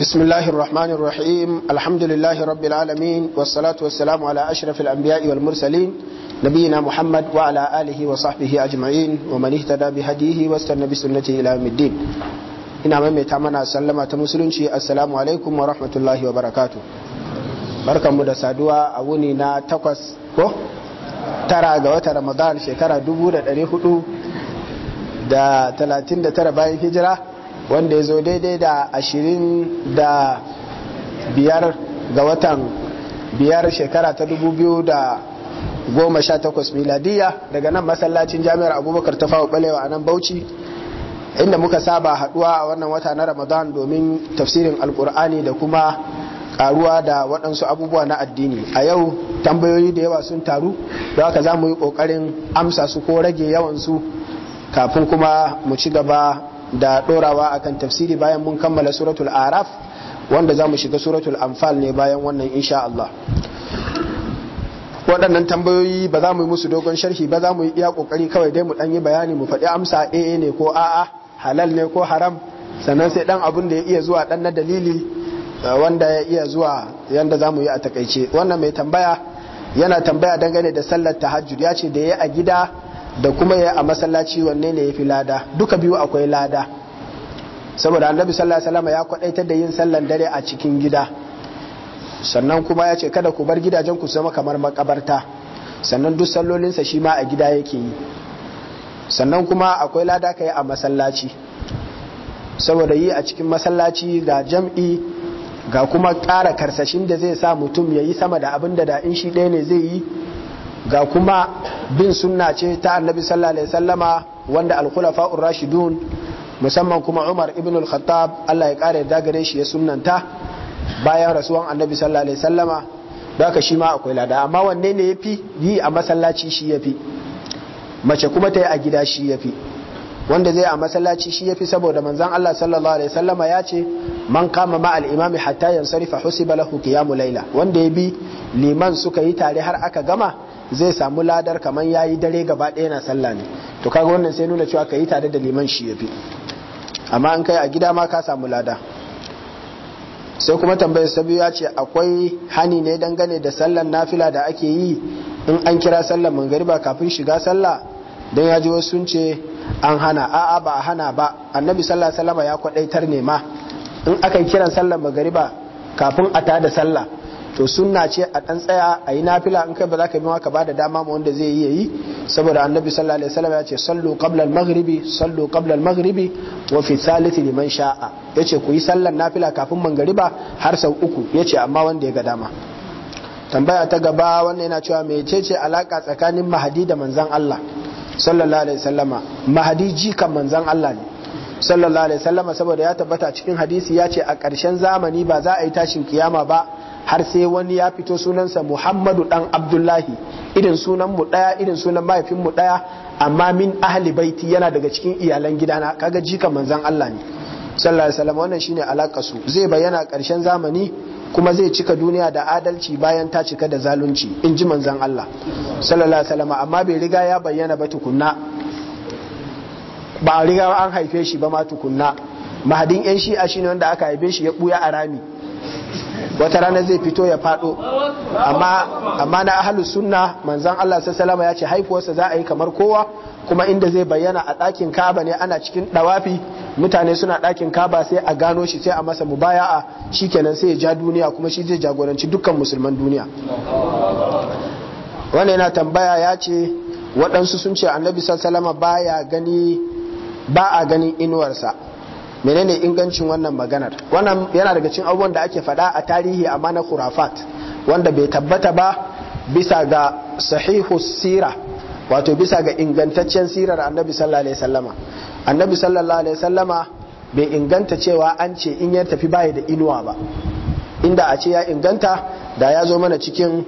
بسم الله الرحمن الرحيم الحمد لله رب العالمين والصلاة والسلام على أشرف الأنبياء والمرسلين نبينا محمد وعلى آله وصحبه أجمعين ومن اهتدى بهديه واستنى بسنته إلى يوم الدين ina maimaita mana sallama ta musulunci asalamu alaikum wa rahmatullahi wa barakatu barkanmu da saduwa a wuni na takwas ko tara ga wata ramadan shekara tara bayan hijira wanda ya zo daidai da ashirin da biyar ga watan biyar shekara ta dubu biyu da goma sha takwas miladiya daga nan masallacin jami'ar abubakar ta fawo balewa a nan bauchi inda muka saba haduwa a wannan wata na ramadan domin tafsirin alkur'ani da kuma karuwa da waɗansu abubuwa na addini a yau tambayoyi da yawa sun taru da haka za mu yi ƙoƙarin amsa su ko rage yawansu kafin kuma mu ci gaba da dorawa akan tafsiri bayan mun kammala suratul araf wanda za mu shiga suratul anfal ne bayan wannan insha Allah waɗannan tambayoyi ba za mu yi musu dogon sharhi ba za mu yi iya kokari kawai dai mu ɗan yi bayani mu faɗi amsa A eh, eh, ne ko a'a halal ne ko haram sannan sai ɗan abun da ya iya zuwa ɗan na dalili eh, wanda ya iya zuwa yanda za mu yi a takaice wannan mai tambaya yana tambaya dangane da sallar tahajjud ya ce da ya a gida da kuma ya a masallaci wanne ne ya fi lada duka biyu akwai lada saboda annabi sallallahu alaihi wasallam ya kwadaitar da yin sallan dare a cikin gida sannan kuma ya ce kada ku bar gidajen ku zama kamar makabarta sannan duk sallolinsa shi ma a gida yake yi sannan kuma akwai lada ka a masallaci saboda yi a cikin masallaci ga jam'i ga kuma ƙara karsashin da zai sa mutum ya yi sama da abin da da in shi ɗaya ne zai yi ga kuma bin sunna ce ta annabi sallallahu alaihi wasallama wanda al-khulafa rashidun musamman kuma Umar ibn al-Khattab Allah ya kare da gare shi ya sunnanta bayan rasuwan annabi sallallahu alaihi wasallama ka shi ma akwai lada amma wanne ne yafi yi a masallaci shi yafi mace kuma ta yi a gida shi yafi wanda zai a masallaci shi yafi saboda manzon Allah sallallahu alaihi wasallama ya ce man kama ma al-imami hatta yansarifa husiba lahu qiyamul layla wanda ya bi liman suka yi tare har aka gama zai samu ladar kamar yi dare gaba ɗaya na sallah ne to kaga wannan sai nuna cewa ka yi tare da liman shi ya fi amma an kai a gida ma ka samu lada sai kuma tambayar sabi ya ce akwai hani ne dangane da sallan nafila da ake yi in an kira sallan mangariba kafin shiga sallah don ya ji wasu sun ce an hana a'a ba a hana ba annabi sallallahu alaihi ya kwaɗaitar ne ma in aka yi kiran sallan magariba kafin a tada sallah to sunna ce a ɗan tsaya a yi nafila in kai ba za ka bi ka ba da dama ma wanda zai yi yayi saboda annabi sallallahu alaihi wasallam ya ce sallu qabla al-maghribi sallu qabla al-maghribi wa fi thalithi liman sha'a yace ku yi sallar nafila kafin mangariba har sau uku yace amma wanda ya ga dama tambaya ta gaba wannan yana cewa ce alaka tsakanin mahadi da manzon Allah sallallahu alaihi wasallama mahadi jikan manzon Allah ne sallallahu alaihi wasallama saboda ya tabbata cikin hadisi ya ce a ƙarshen zamani ba za a yi tashin kiyama ba har sai wani ya fito sunansa muhammadu dan abdullahi irin sunan mu daya irin sunan mahaifin mu daya amma min ahli baiti yana daga cikin iyalan gidana kaga jika manzan Allah ne sallallahu alaihi wasallam wannan shine alaka su zai bayyana karshen zamani kuma zai cika duniya da adalci bayan ta cika da zalunci in ji manzan Allah sallallahu alaihi wasallam amma bai riga ya bayyana ba tukunna ba riga an haife shi ba ma tukunna mahadin yan shi'a shine wanda aka haife shi ya buya a rami wata rana zai fito ya faɗo amma na ahalus sunna manzan Allah sallallahu ya ce haifuwarsa za a yi kamar kowa kuma inda zai bayyana a ɗakin Kaba ne ana cikin ɗawafi mutane suna ɗakin Kaba sai a gano shi sai a masa shi shikenan sai ya ja duniya kuma shi zai jagoranci dukkan musulman duniya wannan yana tambaya ya ce waɗansu sun ce annabi sallallahu baya gani ba a ganin inuwarsa menene ingancin wannan maganar wannan yana daga cikin abubuwan da ake faɗa a tarihi amma na khurafat wanda bai tabbata ba bisa ga sahihu sira wato bisa ga ingantaccen sirar annabi sallallahu alaihi wasallama annabi sallallahu alaihi wasallama bai inganta cewa an ce in ya tafi baya da inuwa ba inda a ce ya inganta da ya zo mana cikin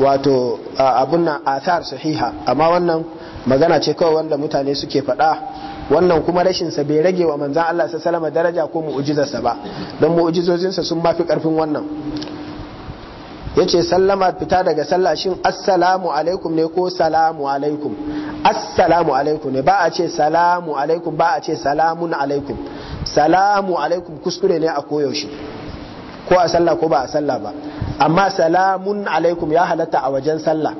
wato abun nan athar sahiha amma wannan magana ce kawai wanda mutane suke faɗa wannan kuma rashin sa bai rage wa manzan Allah sa salama daraja ko mu'ujizarsa ba don sa sun mafi karfin wannan yace sallama fita daga sallah shin assalamu alaikum ne ko salamu alaikum assalamu alaikum ne ba a ce salamu alaikum ba a ce salamun alaikum salamu alaikum kuskure ne a koyaushe ko a sallah ko ba a sallah ba amma salamun alaikum ya halatta a wajen sallah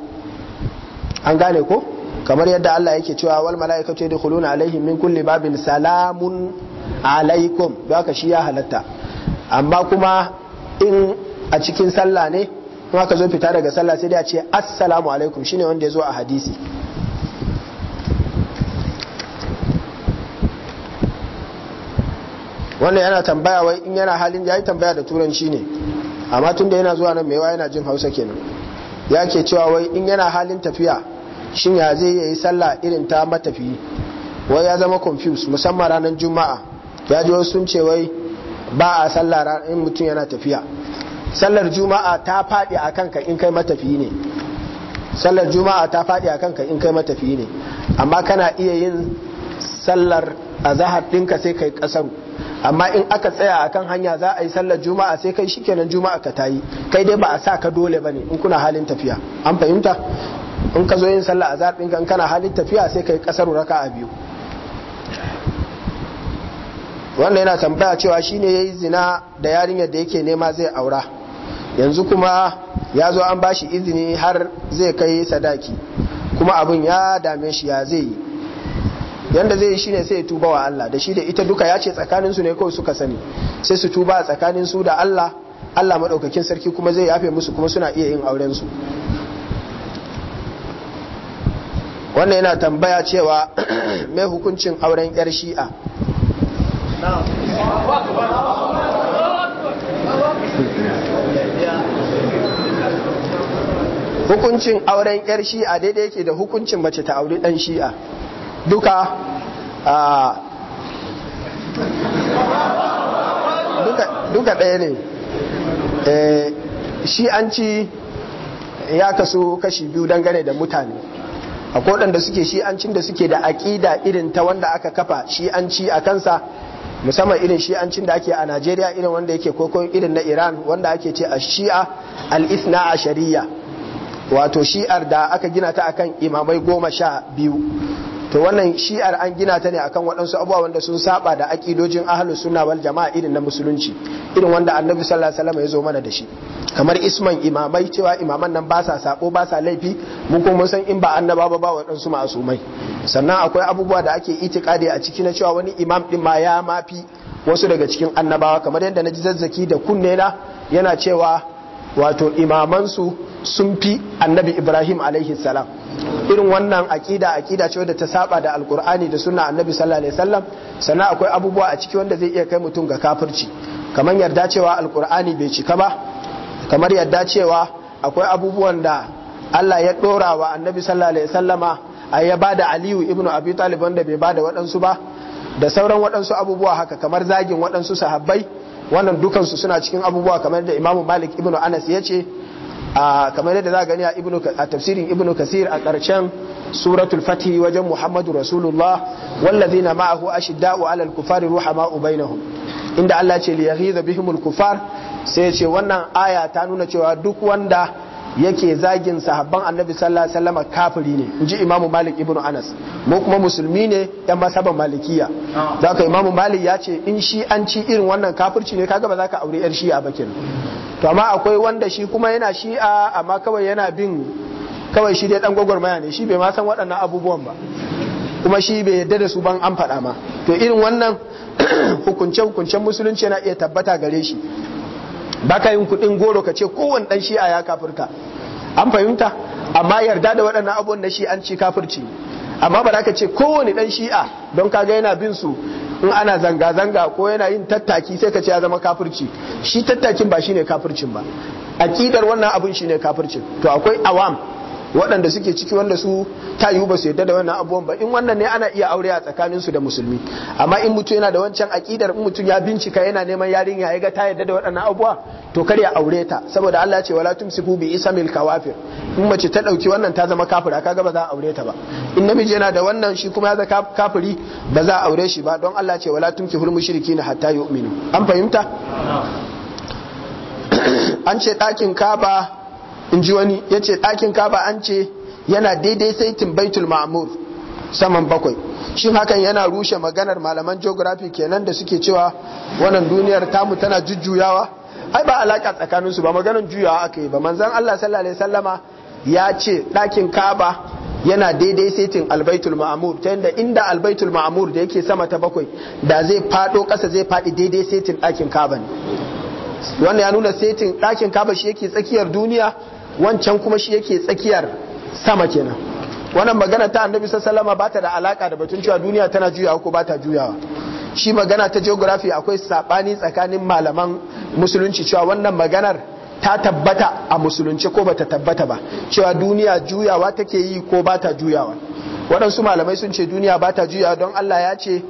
an gane ko kamar yadda Allah yake cewa wal mala'ikatu yadkhuluna alaihim min kulli babin salamun alaikum don haka shi ya halatta amma kuma in a cikin sallah ne kuma ka zo fita daga sallah sai dai a ce assalamu alaikum shine wanda ya zo a hadisi wannan yana tambaya wai in yana halin da yayi tambaya da turanci ne amma tun yana zuwa nan mewa yana jin hausa kenan ya ke cewa wai in yana halin tafiya shin ya zai yi sallah irin ta matafi wai ya zama confused musamman ranar juma'a ya ji wasu sun ce wai ba a sallah ranar mutum yana tafiya sallar juma'a ta faɗi a kanka in kai matafi ne sallar juma'a ta faɗi a kanka in kai matafi ne amma kana iya yin sallar a zahar ɗinka sai kai kasar amma in aka tsaya a kan hanya za a yi sallar juma'a sai kai shi shikenan juma'a ka tayi kai dai ba a sa ka dole ba ne in kuna halin tafiya an fahimta in ka zo yin sallah a zaɓin kankana kana halin tafiya sai ka yi ƙasar raka a biyu wannan yana tambaya cewa shine ya yi zina da yarinyar da yake nema zai aura yanzu kuma ya zo an bashi izini har zai kai sadaki kuma abin ya dame shi ya zai yi yanda zai yi shine sai ya tuba wa Allah da shi da ita duka ya ce tsakaninsu ne kawai suka sani sai su tuba a tsakanin su da Allah Allah maɗaukakin sarki kuma zai yafe musu kuma suna iya yin auren su wannan yana tambaya cewa mai hukuncin auren yar shi'a hukuncin auren yar shi'a daidai yake da hukuncin mace ta auri dan shi'a duka duka ɗaya ne eh, shi'anci ya kasu kashi biyu dangane da mutane akwai waɗanda suke shi'ancin da suke da aƙida irin ta wanda aka kafa shi'anci a kansa musamman irin shi'ancin da ake a Najeriya irin wanda yake koko irin na Iran wanda ake ce a shi'a al-ithna shari'a wato shi'ar da aka gina ta akan imamai goma sha biyu to wannan shi'ar an gina ta ne akan waɗansu abubuwa wanda sun saba da aƙidojin ahlus sunna wal jama'a irin na musulunci irin wanda annabi sallallahu alaihi wasallam ya zo mana da shi kamar isman imamai cewa imaman nan ba sa sabo ba sa laifi mun kuma mun san in ba annaba ba ba waɗansu ma'asumai sannan akwai abubuwa da ake itikadi a ciki na cewa wani imam din ma ya mafi wasu daga cikin annabawa kamar yadda na ji zazzaki da kunne na yana cewa wato imamansu sun fi annabi ibrahim alaihi salam irin wannan aƙida akida ce wadda ta saba da alkur'ani da sunna annabi sallallahu alaihi wasallam sannan akwai abubuwa a ciki wanda zai iya kai mutum ga kafirci kamar yarda cewa alkur'ani bai cika ba kamar yarda cewa akwai abubuwan da Allah ya dora wa annabi sallallahu alaihi wasallama a ya bada Aliyu ibnu Abi Talib wanda bai bada waɗansu ba da sauran waɗansu abubuwa haka kamar zagin waɗansu sahabbai wannan dukansu suna cikin abubuwa kamar da Imam Malik ibnu Anas ya ce a kamar yadda za a gani a tafsirin ibnu kasir a ƙarshen suratul fatih wajen muhammadu rasulullah wallazina ma'ahu ashidda'u alal kufari ruhama'u bainahum inda Allah ce liyahi da bihimul kufar sai ce wannan aya ta nuna cewa duk wanda yake zagin sahabban annabi sallallahu alaihi wasallam kafiri ne inji imamu malik ibnu anas mu kuma musulmi ne yan masaban malikiya zaka imamu malik ya ce in shi an ci irin wannan kafirci ne kaga ba za ka aure yar shi'a ba to amma akwai wanda shi kuma yana shi'a amma kawai yana bin kawai shi dai dan gwagwarmaya ne shi bai ma san waɗannan abubuwan ba kuma shi bai yarda da su ban an faɗa ma to irin wannan hukunce hukuncen musulunci yana iya tabbata gare shi baka yin kuɗin goro ka ce kowane ɗan shi'a ya kafirta an fahimta amma yarda da waɗannan abubuwan na shi an ci kafirci amma ba za ka ce kowane dan shi'a don kaga yana bin su in ana zanga-zanga ko yana yin tattaki sai ka ce ya zama kafirci shi tattakin ba shine kafircin ba akidar wannan abun shine kafircin to akwai awam waɗanda suke ciki wanda su ta yiwu ba su yadda da wannan abubuwan ba in wannan ne ana iya aure a tsakanin su da musulmi amma in mutum yana da wancan akidar in mutum ya bincika yana neman yarinya ya ga ta yadda da waɗannan abubuwa to kar ya aure ta saboda Allah ya ce wala tumsiku bi isamil kawafir in mace ta dauki wannan ta zama kafira kaga ba za a aure ta ba in namiji yana da wannan shi kuma ya zama kafiri ba za a aure shi ba don Allah ce wala tumkihul mushrikina hatta yu'minu an fahimta an ce ɗakin kaba in ji wani ya ce ɗakin kaba an ce yana daidai saitin timbaitul ma'amur saman bakwai shin hakan yana rushe maganar malaman geography kenan da suke cewa wannan duniyar tamu tana jujjuyawa ai ba alaka su ba maganar juyawa aka yi ba manzon Allah sallallahu alaihi sallama ya ce ɗakin kaba yana daidai saitin albaitul ma'amur ta yadda inda albaitul ma'amur da yake sama ta bakwai da zai faɗo ƙasa zai faɗi daidai saitin ɗakin kaba ne wanda ya nuna setin ɗakin kaba shi yake tsakiyar duniya wancan kuma shi yake tsakiyar sama kenan wannan magana ta annabi sallama ba ta da alaka da batun cewa duniya tana juyawa ko ba ta juyawa shi magana ta geography akwai sabani tsakanin malaman musulunci cewa wannan maganar ta tabbata a musulunci ko bata tabbata ba cewa duniya juyawa take yi ko ba ta juyawa waɗansu malamai sun ce duniya ba ta juyawa don Allah ya ce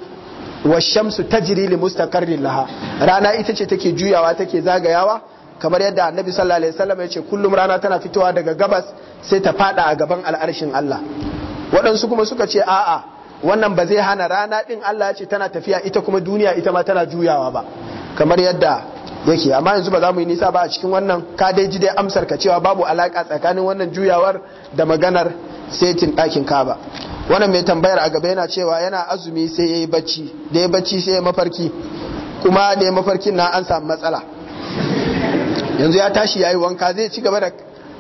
washamsu tajri li mustaqarrin laha rana ita ce take juyawa take zagayawa kamar yadda annabi sallallahu alaihi wasallam ya ce kullum rana tana fitowa daga gabas sai ta fada a gaban al'arshin Allah waɗansu kuma suka ce a'a wannan ba zai hana rana din Allah ya ce tana tafiya ita kuma duniya ita ma tana juyawa ba kamar yadda yake amma yanzu ba za mu yi nisa ba a cikin wannan ka dai ji dai amsar ka cewa babu alaka tsakanin wannan juyawar da maganar setin ɗakin kaba. wannan mai tambayar a gaba yana cewa yana azumi sai ya yi bacci da ya bacci sai ya mafarki kuma da ya mafarkin na an samu matsala yanzu ya tashi ya yi wanka zai ci gaba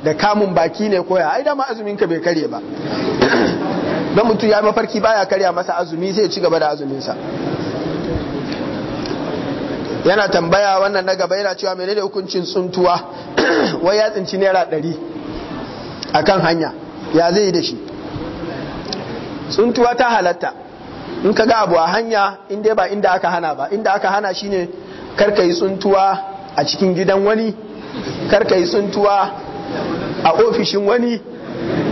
da kamun baki ne koya ai dama azumin ka bai kare ba don mutum ya mafarki baya karya masa azumi sai ya ci gaba da azuminsa yana tambaya wannan na gaba yana cewa menene hukuncin tsuntuwa wai ya tsinci naira ɗari akan hanya ya zai yi da shi tsuntuwa ta halatta in ka ga abu a hanya in dai ba inda aka hana ba inda aka hana shine karka yi tsuntuwa a cikin gidan wani karka yi tsuntuwa a ofishin wani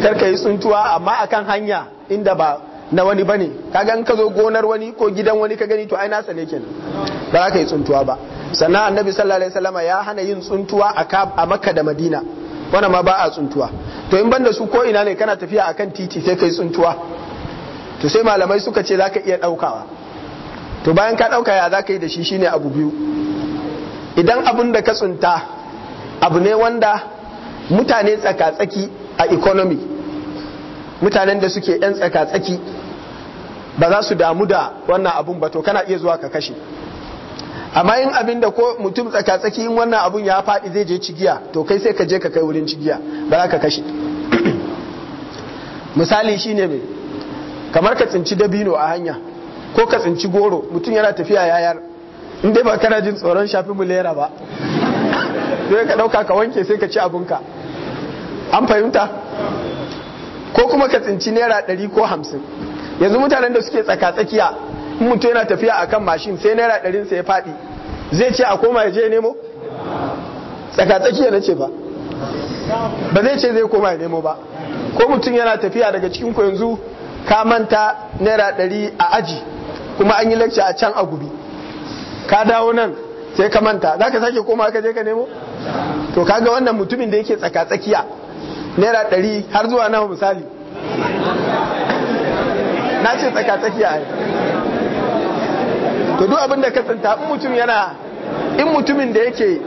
karka yi tsuntuwa amma akan hanya inda ba na wani bane kaga in ka zo gonar wani ko gidan wani ka gani to ai nasa ne kenan ba za ka yi tsuntuwa ba sannan annabi sallallahu alaihi wasallama ya hana yin tsuntuwa a makka da madina wannan ma ba a tsuntuwa to in banda su ko ina ne kana tafiya akan titi sai kai tsuntuwa to sai malamai suka ce za ka iya ɗaukawa. to bayan ka ɗauka ya za ka yi da shi shine abu biyu idan abun da ka tsunta abu ne wanda mutane tsaka a economy mutanen da suke 'yan tsakatsaki tsaki ba za su damu da wannan abun ba to kana iya zuwa ka kashe amma yin abin da ko mutum tsakatsaki tsaki yin wannan abun ya faɗi zai je cigiya to kai sai ka je ka kai wurin cigiya ba za ka kashe misali shine mai kamar ka tsinci dabino a hanya ko ka tsinci goro mutum yana tafiya yayar in dai ba kana jin tsoron shafi mulera ba sai ka dauka ka wanke sai ka ci abinka an fahimta ko kuma ka tsinci naira ɗari ko hamsin yanzu mutanen da suke tsaka-tsakiya in mutum yana tafiya a kan mashin sai naira ɗarin sa ya faɗi zai ce a koma ya je nemo tsaka-tsakiya na ce ba ba zai ce zai koma ya nemo ba ko mutum yana tafiya daga cikin ku yanzu ka manta naira ɗari a aji kuma an yi lecture a can a gubi ka dawo nan sai ka manta za ka sake koma ka je ka nemo to kaga wannan mutumin da yake tsaka-tsakiya naira ɗari har zuwa nawa misali na ce tsaka-tsakiya to duk abin ka tsanta in mutum yana in mutumin da yake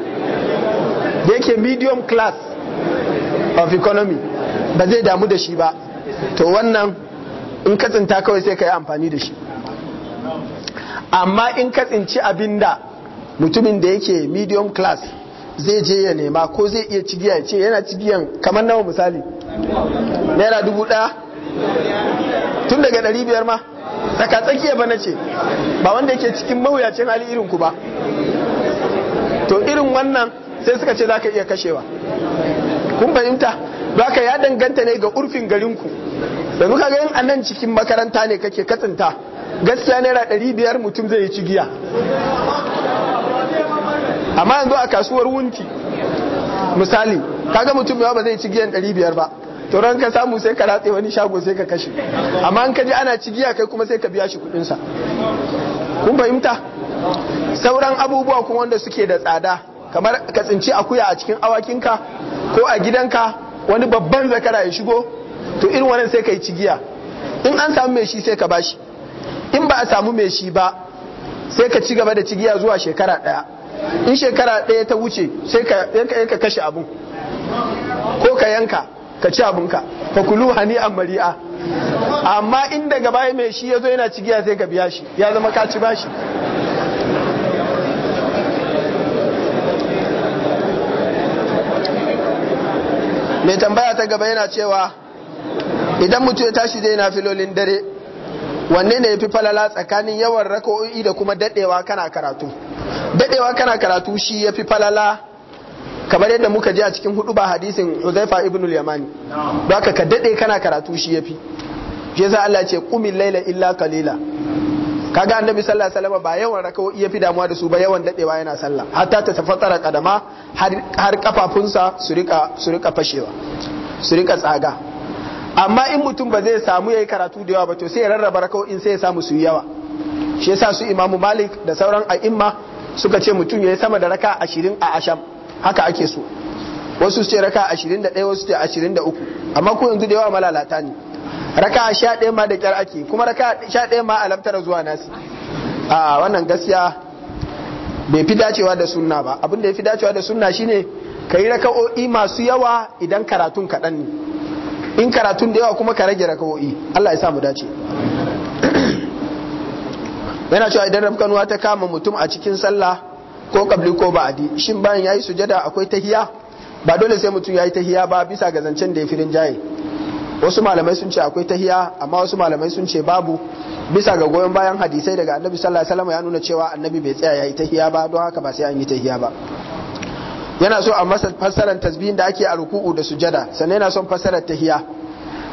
da yake medium class of economy ba zai damu da shi ba to wannan in ka tsinta kawai sai ka yi amfani da shi amma in ka tsinci abin da mutumin da yake medium class zai je ya nema ko zai iya cigiya ce yana cigiyan kamar nawa misali naira dubu ɗaya tun daga ɗari biyar ma tsaka tsakiya ba na ce ba wanda yake cikin mawuyacin hali irin ku ba to irin wannan sai suka ce za ka iya kashewa kun fahimta ba ka ya danganta ne ga urfin garinku Da muka ga yin anan cikin makaranta ne kake katsinta gaskiya naira ɗari biyar mutum zai yi cigiya amma yanzu a kasuwar wunti misali kaga mutum yawa ba zai cigiyan ɗari biyar ba to ran ka samu sai ka ratse wani shago sai ka kashe amma an kaji ana cigiya kai kuma sai ka biya shi kuɗinsa kun fahimta sauran abubuwa kuma wanda suke da tsada kamar ka tsinci akuya a cikin awakinka ko a gidanka wani babban zakara ya shigo to irin wannan sai ka yi cigiya in an samu mai shi sai ka bashi in ba a samu mai shi ba sai ka ci gaba da cigiya zuwa shekara ɗaya in shekara ɗaya ta wuce sai ka kashe abun ko ka yanka ka ci abunka ka kulu hani an mari'a amma in daga baya mai shi ya zo yana cigiya sai ka biya shi ya zama ka ci bashi mai tambaya ta gaba yana cewa idan mutum ya tashi zai na filolin dare wanne ne ya fi falala tsakanin yawan rako'o'i da kuma daɗewa kana karatu daɗewa kana karatu shi ya fi falala kamar yadda muka ji a cikin hudu ba hadisin uzaifa ibn yamani ba ka daɗe kana karatu shi ya fi shi yasa Allah ce kumin laila illa kalila kaga annabi sallallahu alaihi wasallam ba yawan ya fi damuwa da su ba yawan daɗewa yana sallah hatta ta tafattara kadama har kafafunsa su rika fashewa su rika tsaga amma in mutum ba zai samu ya yi karatu da yawa ba to sai ya rarraba in sai ya samu su yawa shi yasa su imamu Malik da sauran a'imma suka ce mutum ya yi sama da raka 20 a asham haka ake so wasu su ce raka 21 wasu ce 23 amma ko yanzu da yawa malalata ne raka 11 ma da kyar ake kuma raka 11 ma alamtara zuwa nasi a wannan gaskiya bai fi dacewa da sunna ba abin da ya fi dacewa da sunna shine ka yi raka'o'i masu yawa idan karatun kaɗan ne in karatun da yawa kuma ka rage rakawo'i Allah ya sa mu dace yana cewa idan rafkanuwa ta kama mutum a cikin sallah ko kabli ko adi shin bayan yayi sujada akwai tahiya ba dole sai mutum yayi tahiya ba bisa ga zancen da ya firin jaye wasu malamai sun ce akwai tahiya amma wasu malamai sun ce babu bisa ga goyon bayan hadisai daga annabi sallallahu alaihi wasallam ya nuna cewa annabi bai tsaya yayi tahiya ba don haka ba sai an yi tahiya ba yana so a masa fassarar tasbihin da ake a ruku'u da sujada sannan yana son fassarar tahiya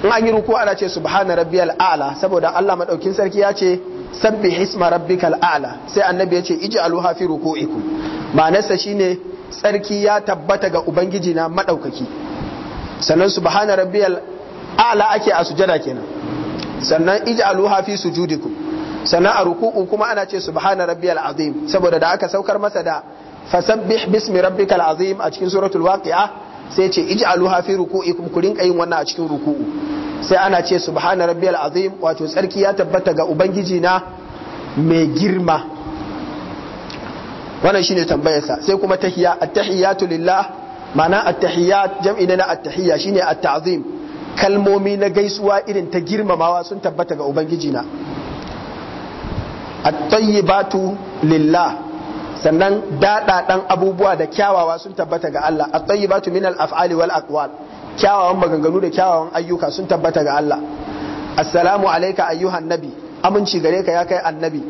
in an yi ruku'u ana ce subhana rabbiyal a'la saboda Allah madaukin sarki ya ce sabbih isma rabbikal a'la sai annabi ya ce ij'aluha fi ruku'ikum ma'anarsa shine sarki ya tabbata ga ubangiji na madaukaki sannan subhana rabbiyal a'la ake a sujada kenan sannan ij'aluha fi sujudikum sannan a ruku'u kuma ana ce subhana rabbiyal azim saboda da aka saukar masa da fasabbih bismi rabbikal azim a cikin suratul waqi'a sai ce ij'aluha fi ruku'ikum ku rinka yin wannan a cikin ruku'u sai ana ce subhana rabbiyal azim wato tsarki ya tabbata ga ubangiji na mai girma wannan shine tambayarsa sai kuma tahiyya at-tahiyatu lillah ma'ana at tahiyat jam'i na at-tahiyya shine at-ta'zim kalmomi na gaisuwa irin ta girmamawa sun tabbata ga ubangiji na at-tayyibatu lillah sannan daɗaɗan abubuwa da kyawawa sun tabbata ga Allah a tsayibatu min al-af'ali wal aqwal kyawawan maganganu da kyawawan ayyuka sun tabbata ga Allah assalamu alayka ayyuhan nabi aminci gare ka ya kai annabi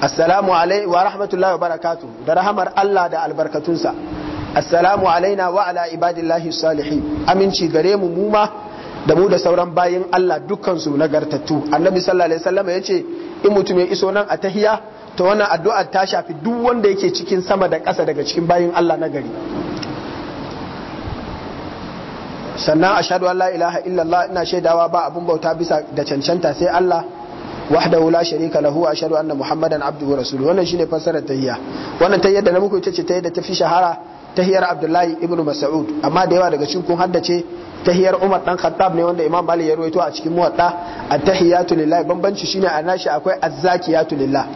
assalamu alai wa rahmatullahi wa barakatuh da rahamar Allah da albarkatunsa assalamu alaina wa ala ibadillahi salihin aminci gare mu mu ma da mu da sauran bayin Allah dukkansu nagartattu annabi sallallahu alaihi wasallam ya ce in mutum ya iso nan a tahiya ta wannan addu'ar ta shafi duk wanda yake cikin sama da ƙasa daga cikin bayin Allah na gari sannan ashhadu an la ilaha illallah ina shaidawa ba abun bauta bisa da cancanta sai Allah wahdahu la sharika lahu ashhadu anna muhammadan abduhu rasuluhu wannan shine fassarar tahiyya wannan tahiyyar da na muku ita ce tahiyyar da ta fi shahara tahiyar abdullahi ibnu mas'ud amma da yawa daga cikin kun haddace tahiyar umar dan khattab ne wanda imam malik ya ruwaito a cikin muwatta at-tahiyatu lillahi bambanci shine a nashi akwai ya lillah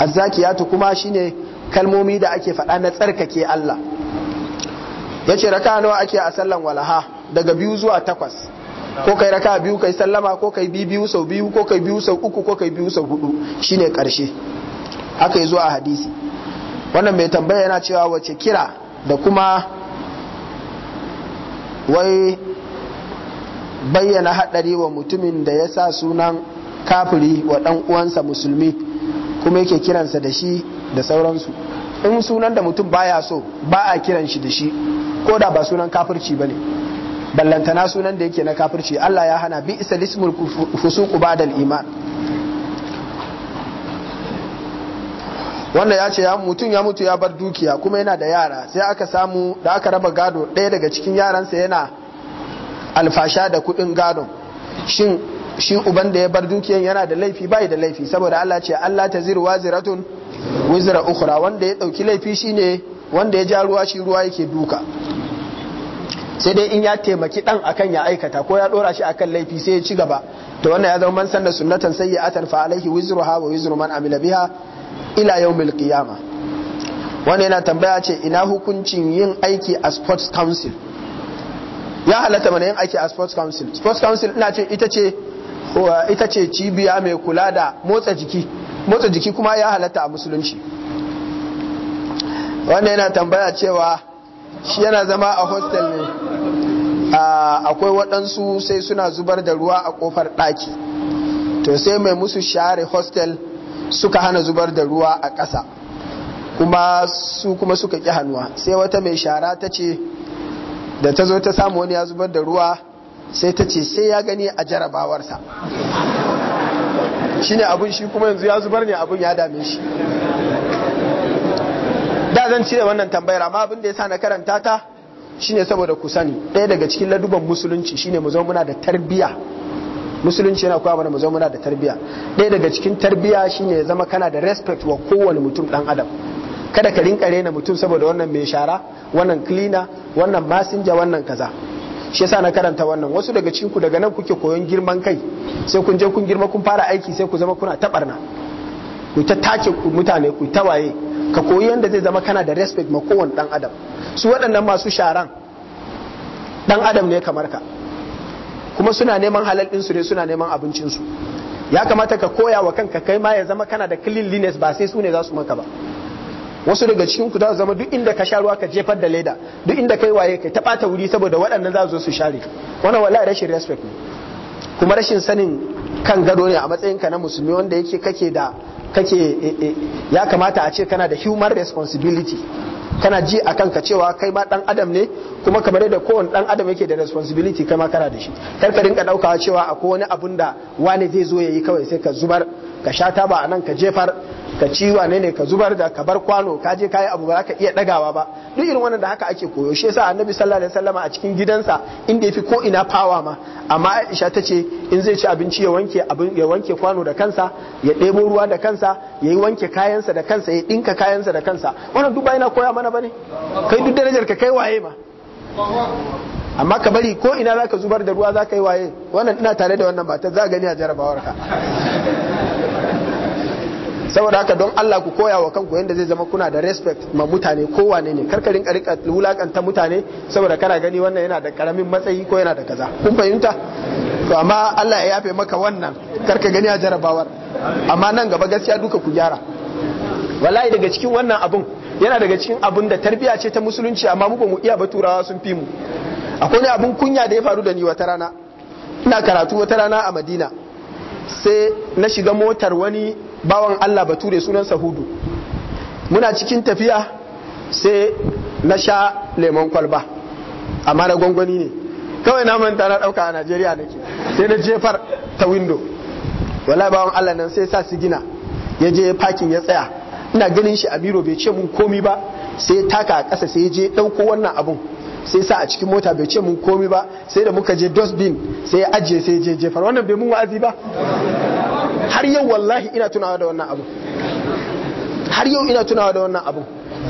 azzakiyatu kuma shine kalmomi da ake faɗa na tsarkake Allah yace raka nawa ake a sallan walaha daga biyu zuwa takwas ko kai raka biyu kai sallama ko kai bi biyu sau biyu ko kai biyu sau uku ko kai biyu sau hudu shine karshe haka yi zuwa hadisi wannan mai tambaya yana cewa wace kira da kuma wai bayyana haɗari wa mutumin da ya sa sunan kafiri wa ɗan uwansa musulmi kuma yake kiransa da shi da sauransu in sunan da mutum baya so ba a kiran shi da shi ko da ba sunan kafirci bane ballantana sunan da yake na kafirci Allah ya hana bi isa lismul fusuqu ba'dal iman wannan ya ce mutum ya mutu ya bar dukiya kuma yana da yara sai aka samu da aka raba gado ɗaya daga cikin yaransa yana alfasha da kuɗin gado. shin shi uban da ya bar dukiyan yana da laifi bai da laifi saboda Allah ce Allah ta ziru waziratun wizra ukhra wanda ya dauki laifi shine wanda ya ja ruwa shi ruwa yake duka sai dai in ya taimaki dan akan ya aikata ko ya dora shi akan laifi sai ya ci gaba to wannan ya zama man sanna sunnatan sayyi'atan fa alaihi wizruha wa wizru man amila biha ila yawmil qiyama wannan yana tambaya ce ina hukuncin yin aiki a sports council ya halatta mana yin aiki a sports council sports council ina ce ita ce ita ce cibiya mai kula da motsa jiki motsa jiki kuma ya halatta a musulunci wanda yana tambaya cewa shi yana zama a hostel ne akwai waɗansu sai suna zubar da ruwa a ƙofar ɗaki to sai mai musu share hostel suka hana zubar da ruwa a ƙasa kuma su kuma suka ƙi hannuwa sai wata mai shara ta ce da ta zo ta samu wani ya zubar da ruwa sai ta ce sai ya gani a jarabawarsa shine abun shi kuma yanzu ya zubar ne abun ya dame shi da zan cire wannan tambayar amma abin da ya sa na karanta ta shine saboda ku sani ɗaya daga cikin laduban musulunci shine ne da tarbiya musulunci yana koya mana mu da tarbiya ɗaya daga cikin tarbiya shine ya zama kana da respect wa kowane mutum dan adam kada ka rinka rena mutum saboda wannan mai shara wannan cleaner wannan masinja wannan kaza shi yasa na karanta wannan wasu daga cikin ku daga nan kuke koyon girman kai sai kun je kun girma kun fara aiki sai ku zama kuna tabarna ku ta take ku mutane ku ta waye ka koyi yanda zai zama kana da respect ma kowane dan adam su waɗannan masu sharan dan adam ne kamar ka kuma suna neman halal su ne suna neman abincinsu ya kamata ka koya wa kanka kai ma ya zama kana da cleanliness ba sai su ne za su maka ba wasu daga cikin ku za zama duk inda ka sharuwa ka jefar da leda duk inda kai waye kai ta bata wuri saboda waɗannan za su zo su share wannan wallahi rashin respect ne kuma rashin sanin kan gado ne a matsayin ka na musulmi wanda yake kake da kake eh, eh, ya kamata a ce kana da human responsibility kana ji a kanka cewa kai ma dan adam ne kuma kamar yadda kowane dan adam yake da responsibility kai ma kana da shi kar ka rinka daukawa cewa akwai wani abun da wani zai zo yayi kawai sai ka zubar ka sha taba a nan ka jefar ka ci wane ne ka zubar da ka bar kwano ka je kayi abu ba za ka iya dagawa ba duk irin wannan da haka ake koyo shi yasa annabi sallallahu alaihi wasallam a cikin gidansa inda yafi ko ina fawa ma amma Aisha ta ce in zai ci abinci ya wanke abin ya wanke kwano da kansa ya debo ruwa da kansa ya wanke kayansa da kansa ya dinka kayansa da kansa wannan duk ba koya mana bane kai duk darajar ka kai waye ma amma ka bari ko ina zaka zubar da ruwa zaka yi waye wannan ina tare da wannan ba ta za gani a jarabawar ka saboda haka don Allah ku koya wa kanku yadda zai zama kuna da respect ma mutane kowane ne karka rinka rika wulakanta mutane saboda kana gani wannan yana da karamin matsayi ko yana da kaza kun fahimta to amma Allah ya yafe maka wannan karka gani a jarabawar amma nan gaba gaskiya duka ku gyara wallahi daga cikin wannan abun yana daga cikin abun da tarbiyya ce ta musulunci amma mu ba mu iya ba turawa sun fi mu akwai abun kunya da ya faru da ni wata rana ina karatu wata rana a Madina sai na shiga motar wani bawan Allah ba bature sunansa hudu muna cikin tafiya sai na sha lemon kwalba amma na gwangwani ne kawai na manta na ɗauka a Najeriya nake sai na jefar ta window wala bawan Allah nan sai sa su gina ya je pakin ya tsaya ina ganin shi a biro bai ce mun komi ba sai ya taka a ƙasa sai ya je ɗauko wannan abun sai sa a cikin mota bai ce mun komi ba sai da muka je dustbin sai ajiye sai je jefar wannan bai mun wa'azi ba har yau wallahi ina tunawa da wannan abu har yau ina tunawa da wannan abu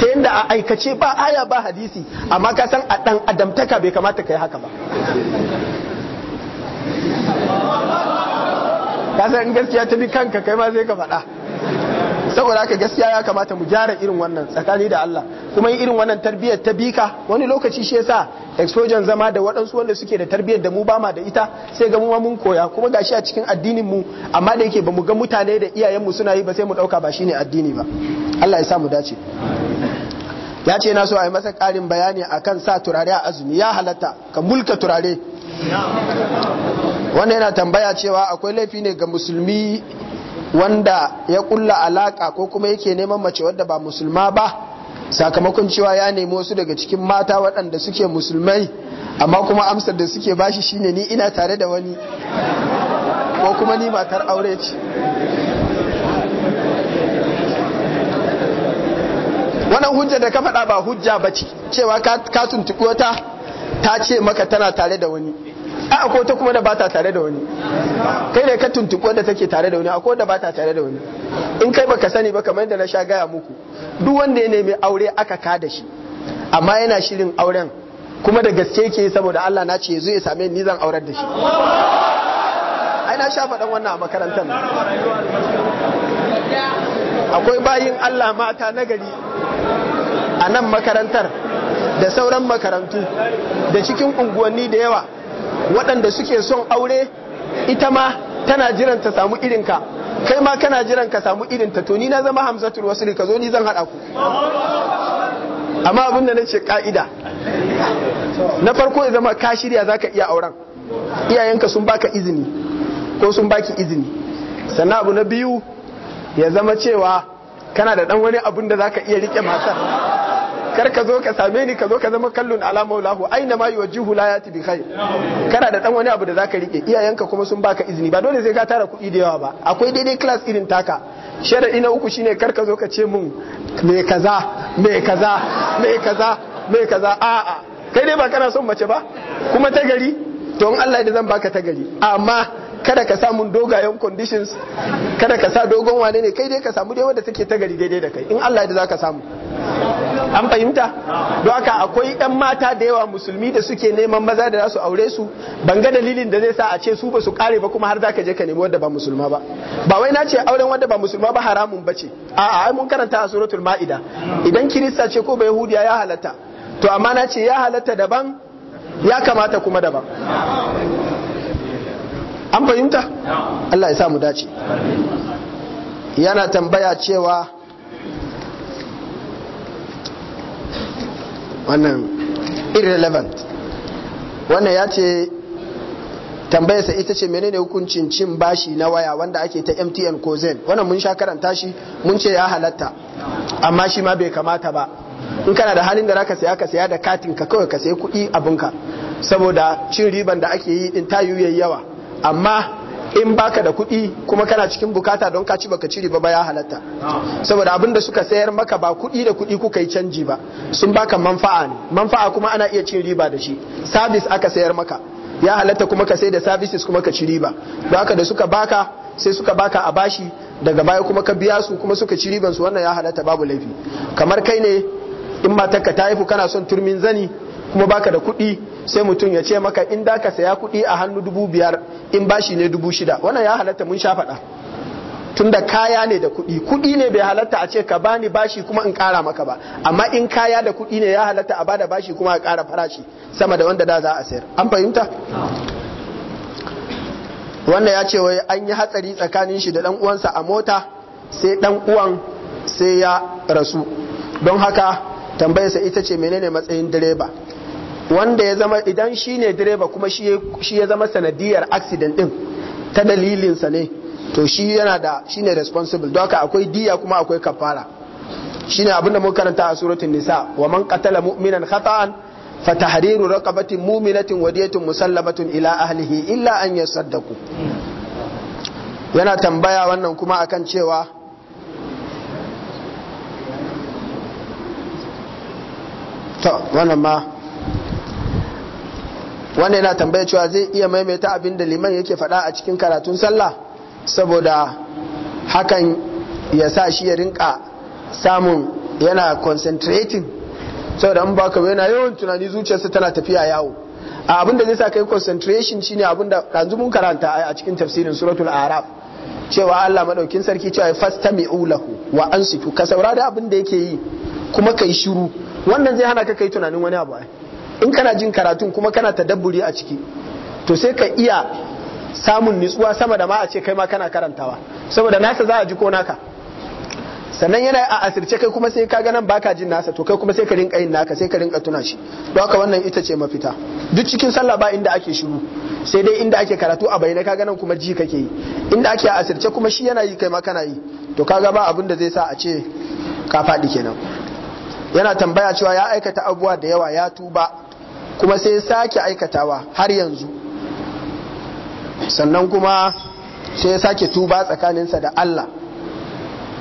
ta yadda a aikace ba aya ba hadisi amma ka san a dan adamtaka bai kamata kai haka ba ka san gaskiya ta bi kanka kai ma sai ka faɗa saboda haka gaskiya ya kamata mu gyara irin wannan tsakani da Allah kuma irin wannan tarbiyyar ta bika wani lokaci shi yasa exposure zama da waɗansu wanda suke da tarbiyyar da mu ba ma da ita sai ga mu ma mun koya kuma gashi a cikin addinin mu amma da yake ba mu ga mutane da iyayen mu suna yi ba sai mu dauka ba shine addini ba Allah ya sa mu dace ya ce na so a yi masa ƙarin bayani akan sa turare a azumi ya halatta ka mulka turare wannan yana tambaya cewa akwai laifi ne ga musulmi wanda ya kulla alaka ko kuma yake neman mace wadda ba musulma ba sakamakon cewa ya nemi wasu daga cikin mata waɗanda suke musulmai amma kuma amsar da suke bashi shine ni ina tare da wani ko kuma ni matar aure ce wannan hujja da ka faɗa ba hujja ba ce cewa ka tuntuɓi wata ta ce maka tana tare da wani a akwai ta kuma da bata tare da wani kai ne ka tuntuɓi wanda take tare da wani akwai da bata tare da wani in kai baka sani ba kamar da na sha gaya muku duk wanda ya nemi aure aka ka da shi amma yana shirin auren kuma da gaske yake saboda Allah na ce zo ya same ni zan aurar da shi ai na sha faɗan wannan a makarantar akwai bayin Allah mata nagari a nan makarantar da sauran makarantu da cikin unguwanni da yawa waɗanda suke son aure ita ma tana jiran ta samu irinka kai ma kana jiran ka samu irinta to ni na zama hamzatul wasuli ka zo ni zan haɗa ku amma abin da na ce ka'ida na farko ya zama ka shirya za ka iya auren iyayenka sun baka izini ko sun baki izini sannan abu na biyu ya zama cewa kana da ɗan wani abin da za ka iya riƙe matar kar ka zo ka same ni ka zo ka zama kallon alama maulahu aina ma yuwajjihu la yati bi khair kana da dan wani abu da zaka rike iyayenka kuma sun baka izini ba dole sai ka tara kuɗi da yawa ba akwai daidai class irin taka sharadi na uku shine kar ka zo ka ce mun me kaza me kaza me kaza me kaza a'a kai dai ba kana son mace ba kuma ta gari to in Allah ya zan baka ta gari amma kada ka samu dogayen conditions kada ka sa dogon wane ne kai dai ka samu dai wanda take ta gari daidai da kai in Allah da zaka samu an fahimta don haka akwai yan mata da yawa musulmi da suke neman maza da su aure su ban ga dalilin da zai sa a ce su ba su kare ba kuma har zaka je ka nemi wanda ba musulma ba ba wai na ce auren wanda ba musulma ba haramun bace a'a ai mun karanta a suratul ma'ida idan kirista ce ko ba yahudiya ya halatta to amma na ce ya halatta daban ya kamata kuma daban an fahimta Allah ya sa mu dace yana tambaya cewa wannan irrelevant wannan ya ce tambayarsa ita ce menene hukuncin cin bashi na waya wanda ake ta MTN ko Zen wannan mun sha karanta shi mun ce ya halatta amma shi ma bai kamata ba in kana da halin da zaka saya ka saya da katin ka kawai ka sayi kuɗi abinka saboda cin riban da ake yi din ta yayi yawa amma in baka da kuɗi kuma kana cikin bukata don ka ci baka ciri ba ya halatta saboda abin da suka sayar maka ba kuɗi da kuɗi kuka yi canji ba sun baka manfa'a ne manfa'a kuma ana iya cin riba da shi sabis aka sayar maka ya halatta kuma ka sai da services kuma ka ci riba don haka da suka baka sai suka baka a bashi daga baya kuma ka biya su kuma suka ci riban su wannan ya halatta babu laifi kamar kai ne in matarka ta haifu kana son turmin zani kuma baka da kuɗi sai mutum ya ce maka in da ka saya kuɗi a hannu dubu biyar in bashi ne dubu shida wannan ya halatta mun sha faɗa tunda kaya ne da kuɗi kuɗi ne bai halatta a ce ka bani bashi kuma in ƙara maka ba amma in kaya da kuɗi ne ya halatta a bada bashi kuma a ƙara farashi sama da wanda da za a sayar an fahimta wannan ya ce wai an yi hatsari tsakanin shi da dan uwansa a mota sai dan uwan sai ya rasu don haka tambayarsa ita ce menene matsayin direba wanda ya zama idan shi ne direba kuma shi ya zama sanadiyar accident din ta dalilinsa ne to shi yana da shi ne responsible don akwai diya kuma akwai kafara shi ne abinda mun karanta a suratun nisa wa man qatala mu'minan khata'an fa tahriru raqabatin mu'minatin wadiyatun musallamatun ila ahlihi illa an yasaddaku yana tambaya wannan kuma akan cewa to wannan ma wanda yana tambaya cewa zai iya maimaita abin da liman yake faɗa a cikin karatun sallah saboda hakan ya sa shi ya rinka samun yana concentrating saboda an baka yana yawan tunani zuciyarsa tana tafiya yawo a abin da zai sa kai concentration shine abin da yanzu mun karanta a cikin tafsirin suratul araf cewa Allah madaukin sarki cewa fastami'u lahu wa ansitu ka da abin da yake yi kuma kai shiru wannan zai hana ka kai tunanin wani abu ai in kana jin karatun kuma kana dabburi a ciki to sai ka iya samun nutsuwa sama da ma a ce kai ma kana karantawa saboda nasa za a ji ko naka sannan yana a asirce kai kuma sai kaga nan baka jin nasa to kai kuma sai ka rinka yin naka sai ka rinka tuna shi don haka wannan ita ce mafita duk cikin sallah ba inda ake shiru sai dai inda ake karatu a bayyana kaga nan kuma ji kake yi inda ake a asirce kuma shi yana yi kai ma kana yi to kaga ba abin da zai sa a ce ka faɗi kenan yana tambaya cewa ya aikata abubuwa da yawa ya tuba kuma sai sake aikatawa har yanzu sannan kuma sai sake tuba tsakaninsa da Allah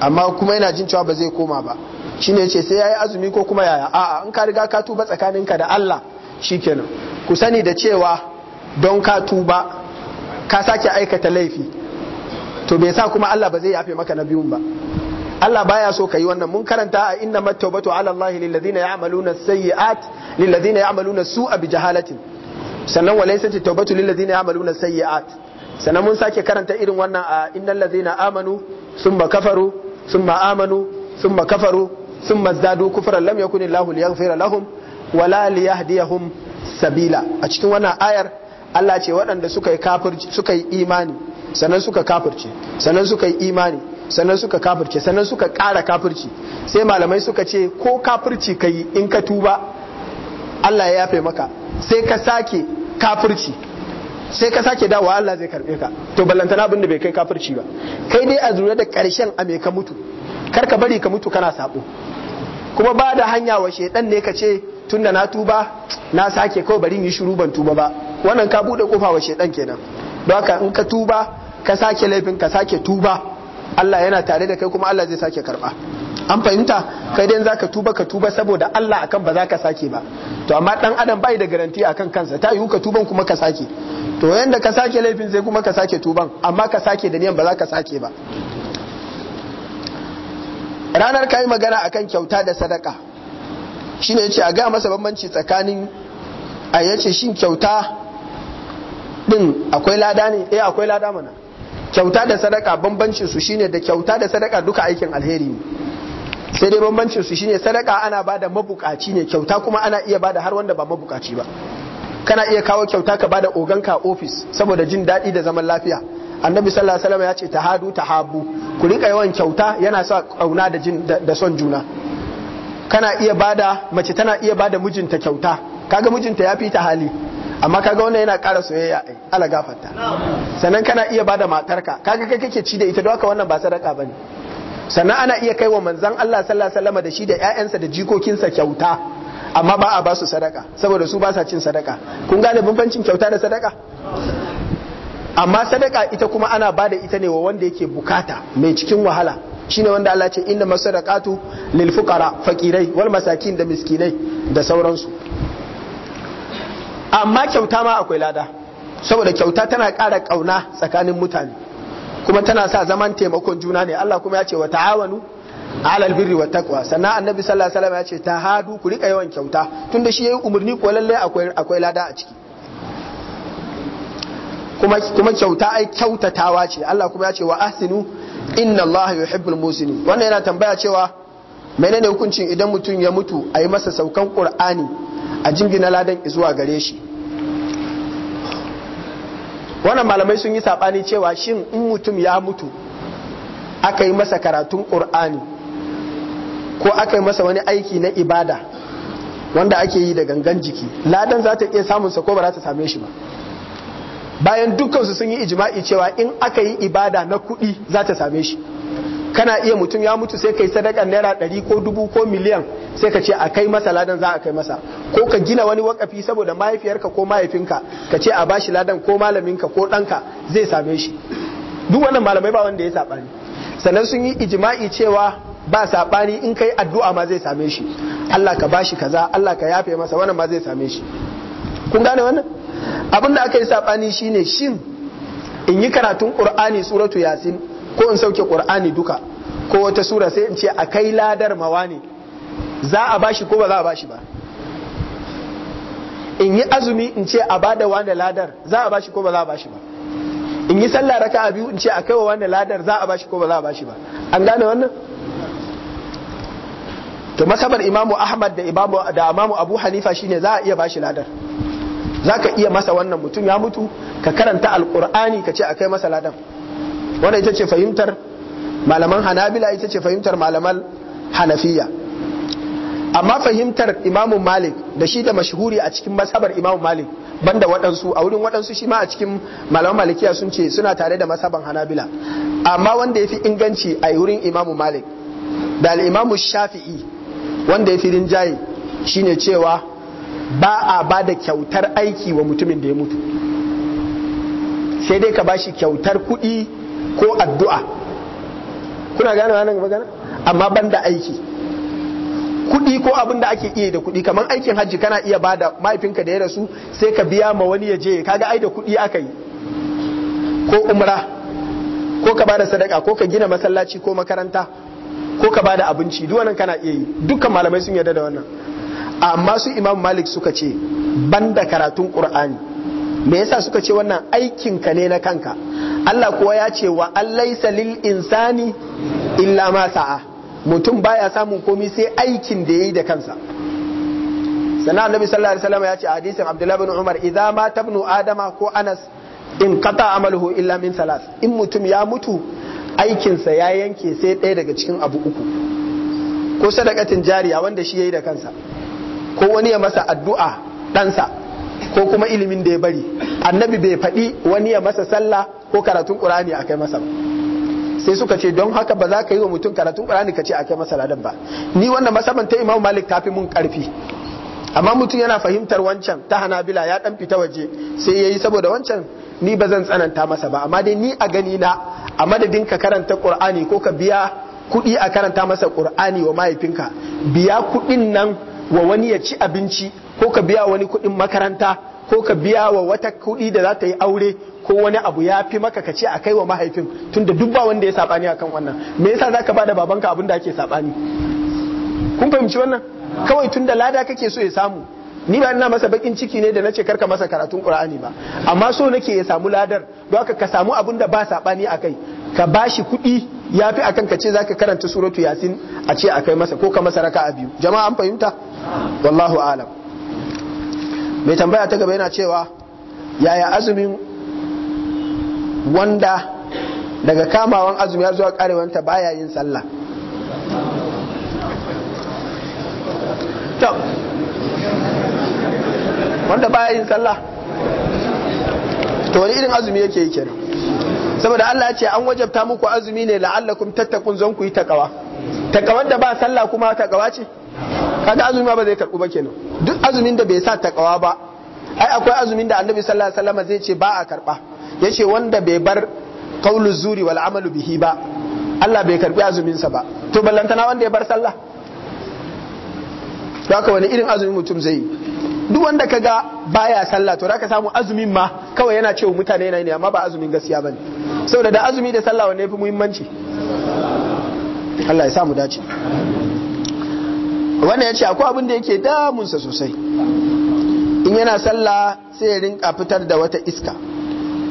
amma kuma yana jin cewa ba zai koma ba shine ce sai yayi azumi ko kuma yaya a'a in ka riga ka tuba tsakaninka da Allah shikenan ku sani da cewa don ka tuba ka sake aikata laifi to bai sa kuma Allah ba zai yafe maka na biyun ba Allah baya so ka yi wannan mun karanta a inna mattaubatu ala Allah lil ladina ya'maluna sayyi'at lil ladina ya'maluna su'a bi jahalatin sannan wa laysat at-taubatu lil ladina ya'maluna sayyi'at sannan mun sake karanta irin wannan a innal ladina amanu thumma kafaru thumma amanu thumma kafaru thumma zadu kufran lam yakun Allahu liyaghfira lahum wala liyahdiyahum sabila a cikin wannan ayar Allah ce waɗanda suka yi kafirci suka yi imani sannan suka kafirce sannan suka yi imani sannan suka kafirce sannan suka ƙara kafirci sai malamai suka ce ko kafirci ka yi in ka tuba Allah ya yafe maka sai ka sake kafirci sai ka sake dawowa Allah zai karbe ka to ballantana abin da bai kai kafirci ba kai dai a zura da karshen a me ka mutu kar ka bari ka mutu kana sabo kuma ba da hanya wa shedan ne ka ce tun da na tuba na sake kawai bari yi shiru ban tuba ba wannan ka bude kofa wa shedan kenan don haka in ka tuba ka sake laifin ka sake tuba Allah yana tare da kai kuma Allah zai sake karɓa. an fahimta kai dai zaka tuba ka tuba saboda Allah akan ba za ka sake ba to amma dan adam bai da garanti akan kansa ta yiwu ka tuban kuma ka sake to yanda ka sake laifin sai kuma ka sake tuban amma ka sake da niyan ba za ka sake ba ranar kai magana akan kyauta da sadaka shine yace a ga masa bambanci tsakanin a yace shin kyauta din akwai lada ne eh akwai lada mana kyauta da sadaka bambancin su shine da kyauta da sadaka duka aikin alheri ne sai dai bambancin su shine sadaka ana bada mabukaci ne kyauta kuma ana iya bada har wanda ba mabukaci ba kana iya kawo kyauta ka bada oganka ofis saboda jin daɗi da zaman lafiya annabi sallallahu alaihi ya ce tahadu tahabu ku rika yawan kyauta yana sa kauna da jin da son juna kana iya bada mace tana iya bada mijinta kyauta kaga mijinta ya fi ta hali amma kaga wannan yana ƙara soyayya ala gafarta sannan kana iya bada matarka kaga kai kake ci da ita don haka wannan ba sadaka bane sannan ana iya kai wa manzan Allah sallallahu alaihi da shi da ƴaƴansa da jikokinsa kyauta amma ba a ba su sadaka saboda su ba sa cin sadaka kun gane bambancin kyauta da sadaka amma sadaka ita kuma ana ba da ita ne wa wanda yake bukata mai cikin wahala shine wanda Allah ce inna masadaqatu lil fuqara faqirai wal masakin da miskinai da sauransu amma kyauta ma akwai lada saboda kyauta tana ƙara ƙauna tsakanin mutane kuma tana sa zaman taimakon juna ne Allah kuma ya ce wa ta'awanu ala birri wa taqwa sannan annabi sallallahu alaihi wasallam ya ce tahadu ku rika yawan kyauta tunda shi yayi umarni ko lalle akwai akwai lada a ciki kuma kuma kyauta ai kyautatawa ce Allah kuma ya ce wa ahsinu inna Allah yuhibbul musinin wannan yana tambaya cewa menene hukuncin idan mutum ya mutu a yi masa saukan qur'ani a jingina ladan zuwa gare shi wannan malamai sun yi saɓani cewa shin in mutum ya mutu aka yi masa karatun ƙur'ani ko aka yi masa wani aiki na ibada wanda ake yi da gangan jiki ladan za ta iya samunsa ko ba za ta same shi ba bayan dukkansu sun yi ijima'i cewa in aka yi ibada na kuɗi za ta same shi kana iya mutum ya mutu sai kai sadakar naira ɗari ko dubu ko miliyan sai ka ce a kai masa ladan za a kai masa ko ka gina wani wakafi saboda mahaifiyarka ko mahaifinka ka ce a bashi ladan ko malaminka ko ɗanka zai same shi duk wannan malamai ba wanda ya saɓani sannan sun yi ijima'i cewa ba saɓani in kai addu'a ma zai same shi Allah ka bashi kaza Allah ka yafe masa wannan ma zai same shi kun gane wannan abin da aka yi saɓani shine shin in yi karatun qur'ani suratu yasin ko in sauke qur'ani duka ko wata sura sai in ce a kai ladar mawani za a bashi ko ba za a bashi ba in yi azumi in ce a bada wanda ladar za a bashi ko ba za a bashi ba in yi sallah raka biyu in ce a kai wa wanda ladar za a bashi ko ba za a bashi ba an gane wannan to masabar imamu ahmad da imamu da imamu abu hanifa shine za a iya bashi ladar zaka iya masa wannan mutum ya mutu ka karanta alqur'ani ka ce a kai masa ladan wanda ita ce fahimtar malaman hanabila ita ce fahimtar malaman hanafiya amma fahimtar imamun malik da shi da mashahuri a cikin masabar imamu malik banda waɗansu a wurin waɗansu shi ma a cikin malaman malikiya sun ce suna tare da masaban hanabila amma wanda ya fi inganci a wurin imamu malik da al'imamu shafi'i wanda ya fi rinjaye ne cewa ba a ba da kyautar aiki wa mutumin da ya mutu sai dai ka ba shi kyautar kuɗi ko addu'a kuna gane wannan magana amma banda aiki kuɗi ko abin da ake iya da kuɗi kamar aikin hajji kana iya bada da mahaifinka da ya rasu sai ka biya ma wani ya je kaga ai da kuɗi aka yi ko umra ko ka ba sadaka ko ka gina masallaci ko makaranta ko ka ba abinci duk wannan kana iya yi dukkan malamai sun yarda da wannan amma su imam malik suka ce banda karatun qur'ani me yasa suka ce wannan aikin ka ne na kanka Allah kuwa ya ce wa allaisa lil insani illa ma sa'a mutum baya samun komai sai aikin da yayi da kansa sannan annabi sallallahu alaihi wasallam ya ce a hadisin abdullahi bin umar Iza ma tabnu adama ko anas in qata amaluhu illa min salas in mutum ya mutu aikinsa ya yanke sai ɗaya daga cikin abu uku ko sadakatin jariya wanda shi ya yi da kansa ko wani ya masa addu'a ɗansa ko kuma ilimin da ya bari annabi bai faɗi wani ya masa sallah ko karatun qur'ani akai masa sai suka ce don haka ba za ka yi wa mutum karatun qur'ani ka ce akai masa ladan ba ni wannan masaban ta imam malik ta mun karfi amma mutum yana fahimtar wancan ta hanabila ya dan fita waje sai yayi saboda wancan ni ba zan tsananta masa ba amma dai ni a gani na a madadin ka karanta qur'ani ko ka biya kuɗi a karanta masa qur'ani wa mahaifinka biya kuɗin nan wa wani ya ci abinci ko ka biya wani kuɗin makaranta ko ka biya wa wata kuɗi da za ta yi aure ko wani abu ya fi maka ka ce a kai wa mahaifin tunda duk ba wanda ya saɓani a kan wannan me yasa za ka ba da babanka abin da ake saɓani kun fahimci wannan kawai tunda lada kake so ya samu ni ba ina masa bakin ciki ne da nace karka masa karatun qur'ani ba amma so nake ya samu ladar don haka ka samu abin da ba sabani kai ka bashi kuɗi yafi akan ka ce zaka karanta suratu yasin a ce a kai masa ko ka masa a biyu jama'a an fahimta wallahu a'lam mai tambaya ta gaba yana cewa yaya azumin wanda daga kamawan azumi har zuwa karewanta baya yin sallah wanda baya yin sallah to wani irin azumi yake yi kenan saboda Allah ya ce an wajabta muku azumi ne la'allakum tattakun zan ku yi takawa takawar da ba sallah kuma takawa ce kaga azumi ba zai karbu ba kenan duk azumin da bai sa takawa ba ai akwai azumin da annabi sallallahu alaihi wasallam zai ce ba a karba yace wanda bai bar qaulu zuri wal amalu bihi ba Allah bai karbi azumin sa ba to ballantana wanda ya bar sallah to haka wani irin azumin mutum zai yi duk wanda kaga baya sallah to zaka samu azumin ma kawai yana cewa mutane yana ne amma ba azumin gaskiya bane saboda da azumi da sallah wanne yafi muhimmanci Allah ya samu dace wannan ya ce akwai abin da yake damunsa sosai in yana sallah sai rinka fitar da wata iska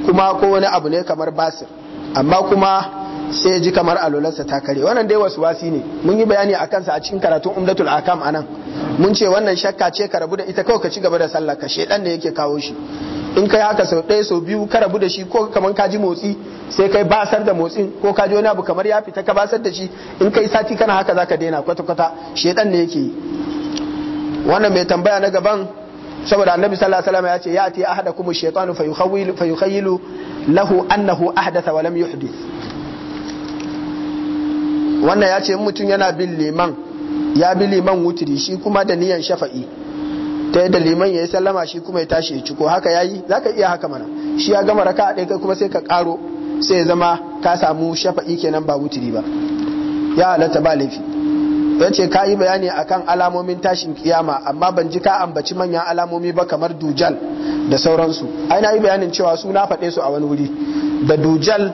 kuma ko wani abu ne kamar basir amma kuma sai ji kamar alolarsa ta kare wannan dai wasu wasi ne mun yi bayani a kansa a cikin karatun umdatul akam anan mun ce wannan shakka ce ka rabu da ita kawai ka ci gaba da sallah ka shedan ne yake kawo shi in kai haka sau ɗaya sau biyu ka rabu da shi ko kamar ka ji motsi sai kai basar da motsin ko ka ji wani abu kamar ya fita ka basar da shi in kai sati kana haka zaka daina kwata kwata shedan ne yake yi wannan mai tambaya na gaban saboda annabi sallallahu alaihi wasallam ya ce ya'ti ahadakum ash-shaytanu fayukhawwilu fayukhayyilu lahu annahu ahdatha wa lam yuhdith wannan ya ce mutum yana bin liman ya bi liman wutiri shi kuma da niyan shafa'i ta yadda liman ya yi sallama shi kuma ya tashi ya ciko haka yayi zaka iya haka mana shi ya gama raka ɗaya kai kuma sai ka karo sai ya zama ka samu shafa'i kenan ba wutiri ba ya halatta ba laifi ya ce ka yi bayani akan alamomin tashin kiyama amma ban ji ka ambaci manyan alamomi ba kamar dujal da sauransu ai na yi bayanin cewa su na faɗe su a wani wuri da dujal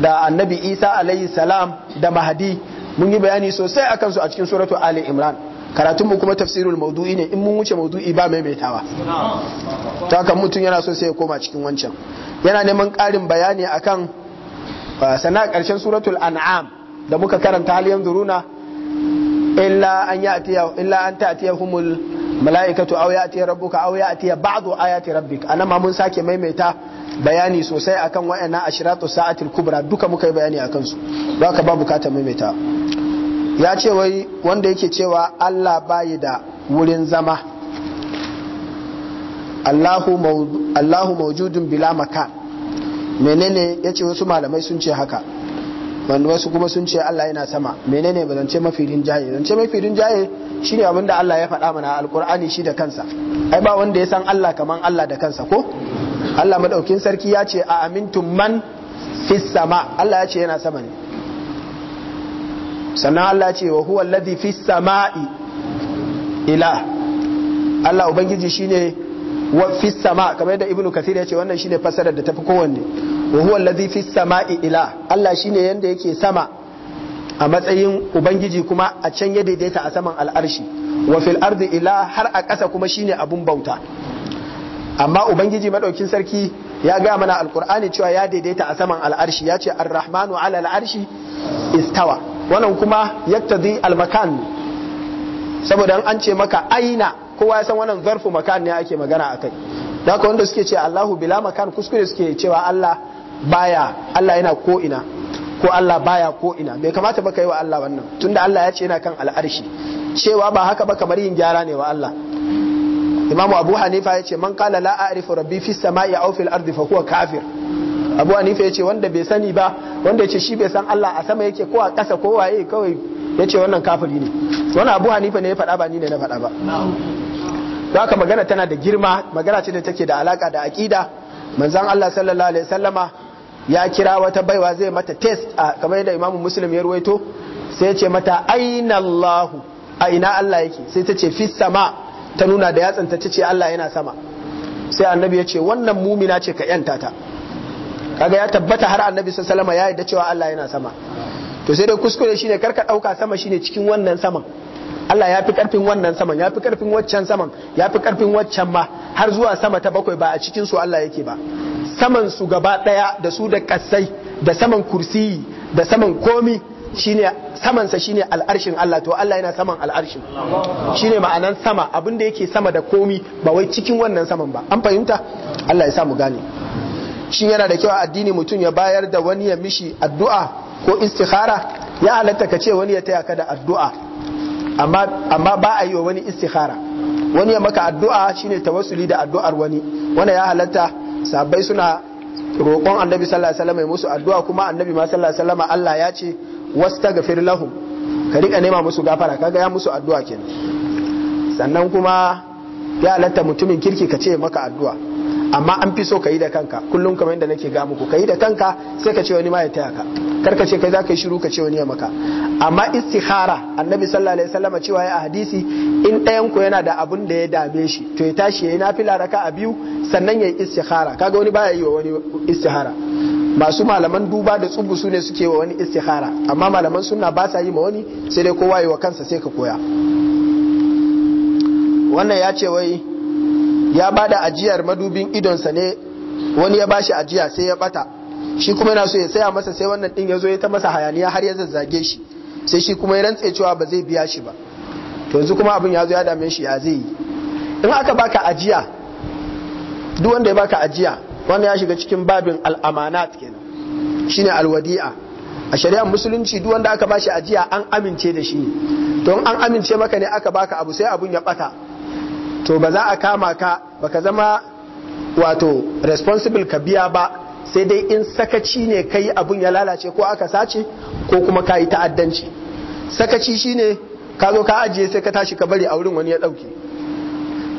da annabi isa alayhi salam da mahadi mun yi bayani sosai akan su a cikin suratu ali imran karatunmu kuma tafsirul maudu'i ne in mun wuce maudu'i ba maimaitawa ta haka mutum yana so sai ya koma cikin wancan yana neman ƙarin bayani akan uh, sana ƙarshen suratul an'am da muka karanta hal yanzuruna illa an ya'tiya illa an ta'tiyahumul mala'ikatu aw ya'tiya rabbuka aw ya'tiya ba'du ayati rabbik anan ma mun sake maimaita bayani sosai akan wa'annan ashratu sa'atil kubra duka muka yi bayani akan su ba ka ba bukatar maimaita ya ce wai wanda yake cewa Allah bayi da wurin zama Allahu maujudun bila maka menene ya ce wasu malamai sun ce haka wanda wasu kuma sun ce Allah yana sama menene ba zance mafi jaye zance mafi jaye shi ne abinda Allah ya faɗa mana alkur'ani shi da kansa ai ba wanda ya san Allah kaman Allah da kansa ko Allah madaukin sarki ya ce a amintun man fis sama Allah ya ce yana sama ne sannan Allah ce wa huwa alladhi fi sama'i ila Allah ubangiji shine wa fi sama kamar yadda ibnu kathir ya ce wannan shine fasarar da tafi kowanne wa huwa alladhi fi sama'i ila Allah shine yanda yake sama a matsayin ubangiji kuma a can ya daidaita a saman al'arshi wa fil ardi ila har a ƙasa kuma shine abun bauta amma ubangiji madaukin sarki ya ga mana alqur'ani cewa ya daidaita a saman al'arshi ya ce ar-rahmanu ala al'arshi istawa wannan kuma yaktadi almakan saboda an ce maka aina kowa ya san wannan zarfu makan ne ake magana akai da haka wanda suke ce Allahu bila makan kuskure suke cewa Allah baya Allah yana ko ina ko Allah baya ko ina bai kamata ba yi wa Allah wannan tunda Allah ya ce yana kan al'arshi cewa ba haka ba kamar yin gyara ne wa Allah Imam abu hanifa ya ce man kala la a'rifu rabbi fis sama'i aw fil ardi fa huwa kafir abu hanifa ya ce wanda bai sani ba wanda ya ce shi bai san Allah a sama yake ko a ƙasa ko waye kawai ya ce wannan kafiri ne wani abu hanifa ne ya fada ba ni ne na faɗa ba ba ka magana tana da girma magana ce da take da alaka da aƙida manzon Allah sallallahu alaihi wasallama ya kira wata baiwa zai mata test a kamar yadda imamu muslim ya ruwaito sai ya ce mata aina Allah a ina Allah yake sai ta ce fis sama ta nuna da yatsanta ta ce Allah yana sama sai annabi ya ce wannan mumina ce ka yanta ta kaga ya tabbata har annabi sallallahu alaihi ya yarda cewa Allah yana sama to sai dai kuskure shine karka dauka sama shine cikin wannan saman Allah ya fi karfin wannan saman ya fi karfin waccan saman ya fi karfin waccan ma har zuwa sama ta bakwai ba a cikin su Allah yake ba saman su gaba daya da su da kassai da saman kursiyi da saman komi shine samansa shine al'arshin Allah to Allah yana saman al'arshin shine ma'anan sama abinda yake sama da komi ba wai cikin wannan saman ba an fahimta Allah ya sa mu gane shin yana da kyau a addini mutum ya bayar da wani ya mishi addu'a ko istikhara ya halatta ka ce wani ya taya ka da addu'a amma ba a yi wa wani istikhara wani ya maka addu'a shine tawassuli da addu'ar wani wanda ya halatta sabai suna roƙon annabi sallallahu alaihi wasallam ya musu addu'a kuma annabi ma sallallahu alaihi wasallam Allah ya ce wastaghfir lahum ka rika nema musu gafara kaga ya musu addu'a kenan sannan kuma ya halatta mutumin kirki ka ce maka addu'a amma an fi so ka yi da kanka kullum kamar yadda nake ga muku ka yi da kanka sai ka ce wani ma ya taya ka kar ka ce kai za ka yi shiru ka ce wani ya maka amma istikhara annabi sallallahu alaihi wasallam cewa ya a hadisi in ɗayan ku yana da abun da ya dame shi to ya tashi ya yi nafila raka a biyu sannan ya yi istikhara kaga wani baya yi wa wani istikhara masu malaman duba da tsubu su ne suke wa wani istikhara amma malaman sunna ba sa yi ma wani sai dai kowa yi wa kansa sai ka koya wannan ya ce wai ya bada ajiyar madubin idonsa ne wani ya bashi ajiya sai ya bata shi kuma yana so ya saya masa sai wannan din ya zo ya ta masa hayaniya har ya zazzage shi sai shi kuma ya rantse cewa ba zai biya shi ba to yanzu kuma abin ya zo ya dame shi ya zai yi in aka baka ajiya duk wanda ya baka ajiya wanda ya shiga cikin babin al'amanat kenan shine alwadi'a a shari'ar musulunci duk wanda aka bashi ajiya an amince da shi don an amince maka ne aka baka abu sai abun ya bata to ba za a kama ka baka zama wato responsible ka biya ba sai dai in sakaci ne kai abun ya lalace ko aka sace ko kuma ka yi ta'addanci sakaci shine ka zo ka ajiye sai ka tashi ka bari a wurin wani ya dauke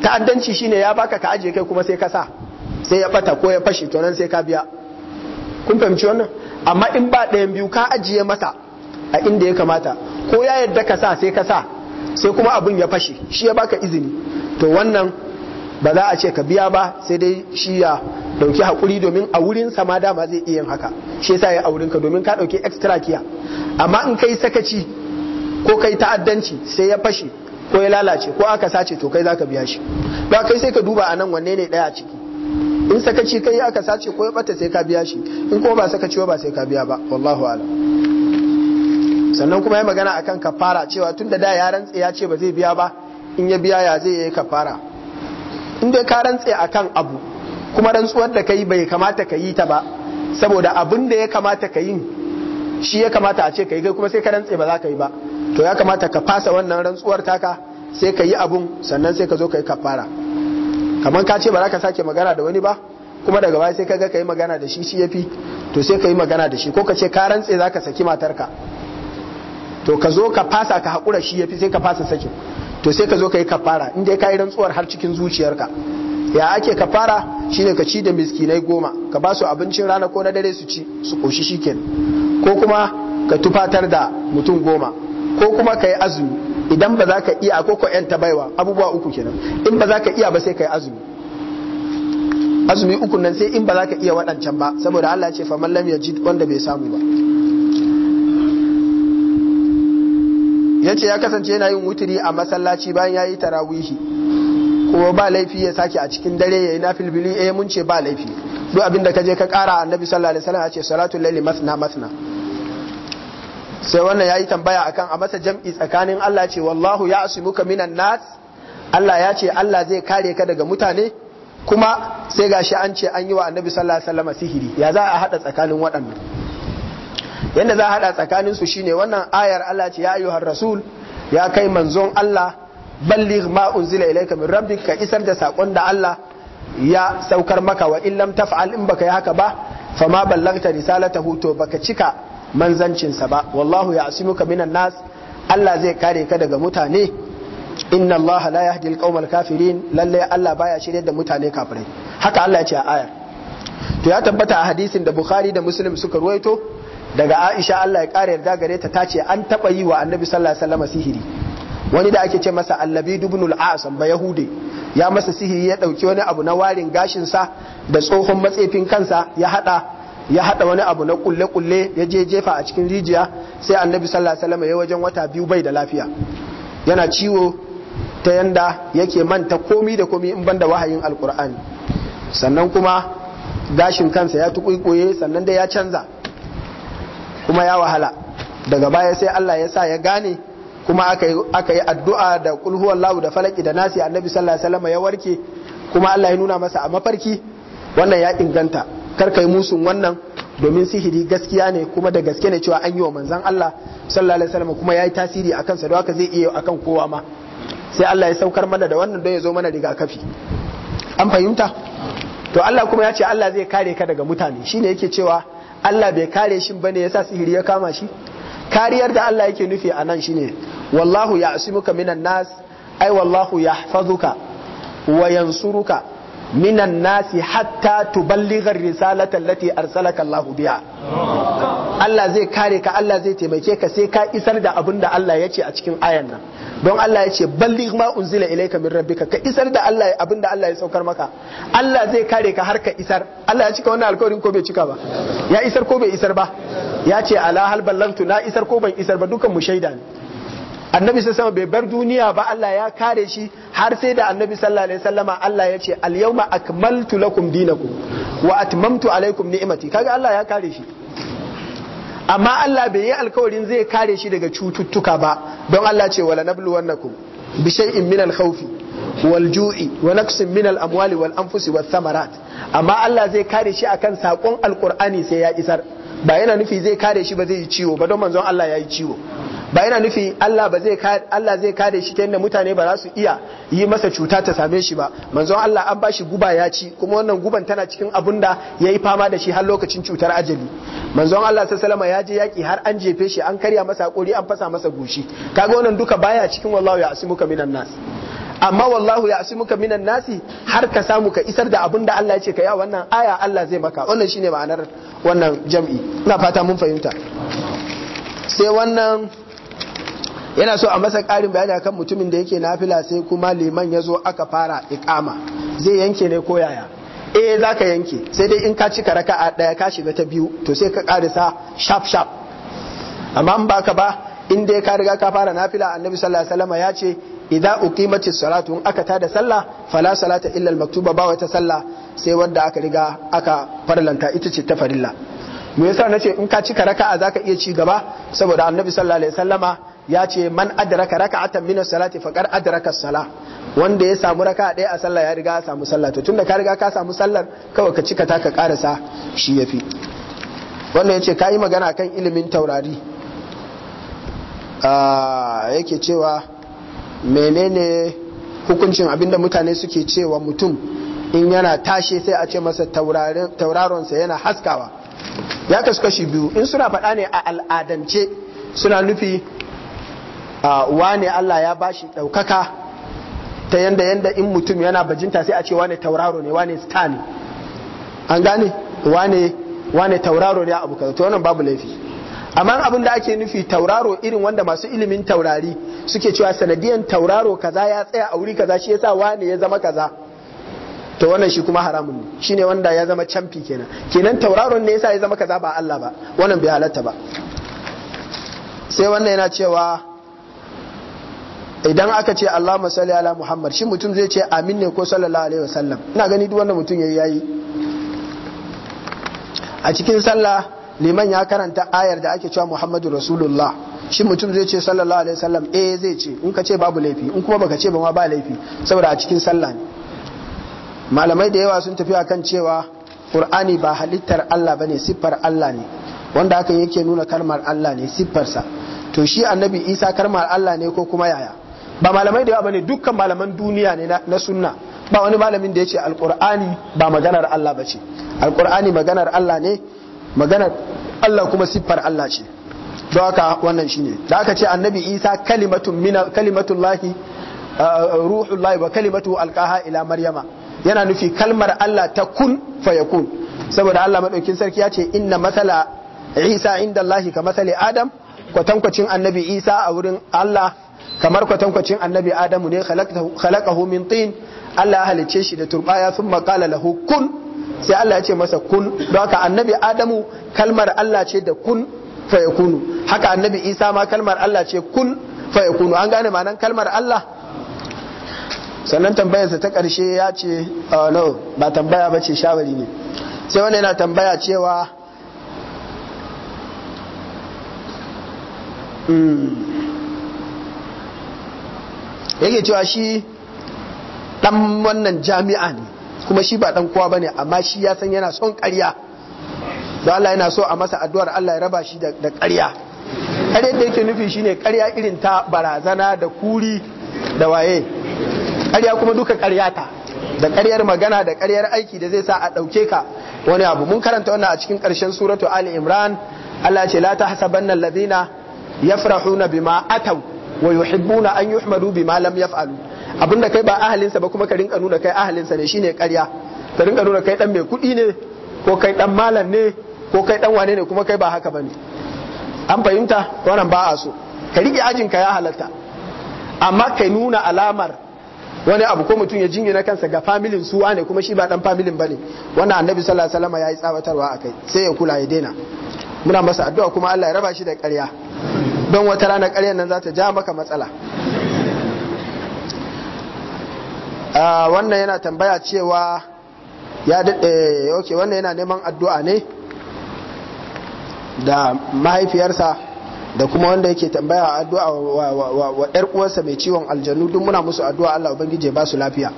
ta'addanci shine ya baka ka ajiye kai kuma sai ka sa sai ya bata ko ya fashe to sai ka biya kun fahimci wannan amma in ba ɗayan biyu ka ajiye masa a inda ya kamata ko ya yadda ka sa sai ka sa sai kuma abun ya fashe shi ya baka izini to wannan ba za a ce ka biya ba sai dai shi ya dauki hakuri domin a wurin sama dama zai iya haka shi yasa ya aurin ka domin ka dauki extra kiya amma in kai sakaci ko kai ta'addanci sai ya fashe ko ya lalace ko aka sace to kai zaka biya shi ba kai sai ka duba a nan wanne ne daya a ciki in sakaci kai aka sace ko ya bata sai ka biya shi in kuma ba sakaci ba sai ka biya ba wallahu a'lam sannan kuma ya magana akan kafara cewa tunda da ya rantse ya ce ba zai biya ba in ya biya ya zai yi kafara in dai ka rantse akan abu kuma rantsuwar da kai bai kamata ka yi ta ba saboda abin da ya kamata ka yi shi ya kamata a ce ka yi kai kuma sai ka rantse ba za ka yi ba to ya kamata ka fasa wannan rantsuwar taka sai ka yi abun sannan sai ka zo ka yi kafara kamar ka ce ba za ka sake magana da wani ba kuma daga baya sai ka ga ka yi magana da shi shi ya fi to sai ka yi magana da shi ko ka ce ka rantse za ka saki matarka to ka zo ka fasa ka haƙura shi ya fi sai ka fasa sakin to sai ka zo ka yi kafara in dai ka yi rantsuwar har cikin zuciyarka ya ake kafara shine ka ci da miskinai goma ka ba su abincin rana ko na dare su ci su koshi shiken. ko kuma ka tufatar da mutum goma ko kuma ka yi azumi idan ba za ka iya ko ko yanta baiwa abubuwa uku kenan in ba za ka iya ba sai ka yi azumi azumi uku nan sai in ba za ka iya waɗancan ba saboda Allah ya ce faman ya ji wanda bai samu ba ya ce ya kasance yana yin wuturi a masallaci bayan ya yi tarawihi kuma ba laifi ya sake a cikin dare ya yi na filbili eh mun ce ba laifi duk abin da ka je ka kara annabi sallallahu alaihi wasallam ya ce salatu laili masna masna sai wannan ya yi tambaya akan a masa jam'i tsakanin Allah ce wallahu ya asumuka minan nas Allah ya ce Allah zai kare ka daga mutane kuma sai gashi an ce an yi wa annabi sallallahu alaihi wasallam sihiri ya za a hada tsakanin waɗannan yadda za a hada tsakanin su shine wannan ayar Allah ce ya ayyuhar rasul ya kai manzon Allah balligh ma unzila ilayka min rabbik ka isar da sakon da Allah ya saukar maka wa in lam taf'al in baka yi haka ba fama ballagta risalatahu to baka cika manzancinsa ba wallahu ya'simuka minan nas Allah zai kare ka daga mutane inna Allah la yahdi al kafirin lalle Allah baya shirye da mutane kafirai haka Allah ya ce a ayar to ya tabbata a hadisin da Bukhari da Muslim suka ruwaito daga Aisha Allah ya ƙara yarda gare ta tace an taɓa yi wa Annabi sallallahu alaihi wasallam sihiri wani da ake ce masa allabi dubnul asam ba yahude ya masa sihiri ya dauki wani abu na warin gashin sa da tsohon matsefin kansa ya hada ya hada wani abu na kulle kulle ya je jefa a cikin rijiya sai annabi sallallahu alaihi wasallam ya wajen wata biyu bai da lafiya yana ciwo ta yanda yake manta komi da komi in banda wahayin alqur'ani sannan kuma gashin kansa ya tukuikuye sannan da ya canza kuma ya wahala daga baya sai Allah ya sa ya gane kuma aka yi addu'a da lawu da falaki da nasi annabi sallallahu alaihi ya warke kuma Allah ya nuna masa a mafarki wannan ya inganta kar kai musun wannan domin sihiri gaskiya ne kuma da gaske ne cewa an yi wa manzon Allah sallallahu alaihi wasallam kuma yi tasiri akan sa haka zai iya akan kowa ma sai Allah ya saukar mana da wannan don ya zo mana rigakafi an fahimta to Allah kuma ya ce Allah zai kare ka daga mutane shine yake cewa Allah bai kare shi ba ya yasa sihiri ya kama shi kariyar da Allah yake nufi a nan ne. wallahu ya asimuka minan nas ai wallahu yahfazuka wa yansuruka minan nasi hatta tuballighar risalata allati arsalaka Allah biha Allah zai kare ka Allah zai taimake ka sai ka isar da abin da Allah ya ce a cikin ayan nan don Allah ya ce balligh ma unzila ilayka min rabbika ka isar da Allah abin da Allah ya saukar maka Allah zai kare ka har ka isar Allah ya cika wannan alƙawarin ko bai cika ba ya isar ko bai isar ba ya ce ala hal ballagtu na isar ko ban isar ba dukan mu shaida ne annabi sama bai bar duniya ba Allah ya kare shi har sai da annabi sallallahu alaihi wasallama Allah ya ce al yawma akmaltu lakum dinakum wa atmamtu alaikum ni'mati kaga Allah ya kare shi amma Allah bai yi alkawarin zai kare shi daga cututtuka ba don Allah ce wala wannakum bi shay'in min al khawfi wal ju'i wa naqsin min al amwali wal anfusi wath thamarat amma Allah zai kare shi akan sakon alqur'ani sai ya isar ba yana nufi zai kare shi ba zai yi ciwo ba don manzon Allah ya yi ciwo ba yana nufi Allah zai kare shi ta yadda mutane ba za su iya yi masa cuta ta same shi ba manzon Allah an bashi guba ya ci kuma wannan guban tana cikin abun da ya yi fama da shi har lokacin cutar ajali manzon Allah sallama ya je yaki har an jefe shi an karya masa hakuri an fasa masa gushi kaga wannan duka baya cikin wallahi ya asimuka minan nas amma wallahu ya ka minan nasi har ka samu ka isar da abin da Allah ya ce ka ya wannan aya Allah zai maka wannan shine ma'anar wannan jam'i ina fata mun fahimta sai wannan yana so a masa ƙarin bayani akan mutumin da yake nafila sai kuma liman ya zo aka fara iqama zai yanke ne ko yaya eh za ka yanke sai dai in ka cika raka'a ɗaya ka shiga ta biyu to sai ka ƙarisa sharp sharp amma in baka ba in dai ka riga ka fara nafila annabi sallallahu alaihi wasallam ya ce idan ukimacin salatu in aka tada sallah fala salata illa maktuba ba wata sallah sai wanda aka riga aka farlanta ita ce ta farilla me yasa nace in ka cika raka'a zaka iya ci gaba saboda annabi sallallahu alaihi wasallama ya ce man adraka raka'atan min as-salati faqad adraka as-salah wanda ya samu raka'a ɗaya a sallah ya riga ya samu sallah to tunda ka riga ka samu sallar kawai ka cika ta ka karasa shi yafi wannan yace kai magana kan ilimin taurari ah, yake cewa menene hukuncin abinda mutane suke cewa mutum in yana tashi sai a ce masa sa yana haskawa ya kasu kashi biyu in suna faɗa ne a al'adance suna nufi wane Allah ya bashi ɗaukaka ta yanda yanda in mutum yana bajinta sai a ce wane tauraro ne wane star ne an gane wane tauraro ne abu to wannan babu laifi amma abin da ake nufi tauraro irin wanda masu ilimin taurari suke cewa sanadiyan tauraro kaza ya tsaya a wuri kaza shi yasa wane ya zama kaza to wannan shi kuma haramun ne shine wanda ya zama camfi kenan kenan tauraron ne yasa ya zama kaza ba Allah ba wannan bai halatta ba sai wannan yana cewa idan aka ce Allahumma salli ala Muhammad shi mutum zai ce amin ne ko sallallahu alaihi wasallam ina gani duk wanda mutum yayi yayi a cikin sallah liman ya karanta ayar da ake cewa Muhammadu Rasulullah shi mutum zai ce sallallahu alaihi wasallam eh zai ce in ka ce babu laifi in kuma baka ce ba ma ba laifi saboda a cikin sallah ne malamai da yawa sun tafi akan cewa Qur'ani ba halittar Allah bane siffar Allah ne wanda hakan yake nuna kalmar Allah ne siffarsa to shi annabi Isa kalmar Allah ne ko kuma yaya ba malamai da yawa bane dukkan malaman duniya ne na sunna ba wani malamin da ya ce alqur'ani ba maganar Allah bace alqur'ani maganar Allah ne magana Allah kuma siffar Allah ce don haka wannan shi ne da aka ce annabi isa kalimatun mina ruhun lahi uh, wa kalimatu alkaha ila maryama yana nufi kalmar Allah ta kun fayakun saboda Allah madaukin sarki ya ce inna masala isa inda lahi ka masali adam kwatankwacin annabi isa a wurin Allah kamar kwatankwacin annabi adamu ne khalaqahu min tin Allah ya halicce shi da turbaya sun qala lahukun. sai Allah ya ce masa kun don haka annabi Adamu kalmar Allah ce da kun fayakunu haka annabi Isa ma kalmar Allah ce kun fayakunu an gane ma'anan kalmar Allah sannan tambayarsa ta ƙarshe ya ce oh no ba tambaya ba ce shawari ne sai wanda yana tambaya cewa hmm, yake cewa shi dan wannan jami'a ne kuma shi ba dan kowa bane amma shi ya san yana son ƙarya don Allah yana so a masa addu'ar Allah ya raba shi da ƙarya ƙaryar da yake nufi shine ƙarya irin ta barazana da kuri da waye ƙarya kuma duka ƙarya ta da ƙaryar magana da ƙaryar aiki da zai sa a ɗauke ka wani abu mun karanta wannan a cikin ƙarshen suratu ali imran Allah ce la tahsabanna alladhina yafrahuna bima ataw wa yuhibbuna an yuhmadu bima lam yaf'alu abinda kai ba ahalinsa ba kuma ka rinka nuna kai ahalinsa ne shine karya ka rinka nuna kai dan mai kuɗi ne ko kai dan malam ne ko kai dan wane ne kuma kai ba haka bane an fahimta wannan ba a so ka rike ajin ka ya halatta amma kai nuna alamar wani abu ko mutum ya jingina kansa ga familin su wane kuma shi ba dan familin bane wannan annabi sallallahu alaihi wasallam yi tsawatarwa akai sai ya kula ya daina muna masa addu'a kuma Allah ya raba shi da ƙarya don wata rana ƙaryar nan za ta ja maka matsala wannan yana tambaya cewa ya daɗe ok wannan yana neman addu'a ne da mahaifiyarsa da kuma wanda yake tambaya addu'a wa ɗar uwarsa mai ciwon aljanu duk muna musu addu'a Allah ubangiji ya ba su lafiya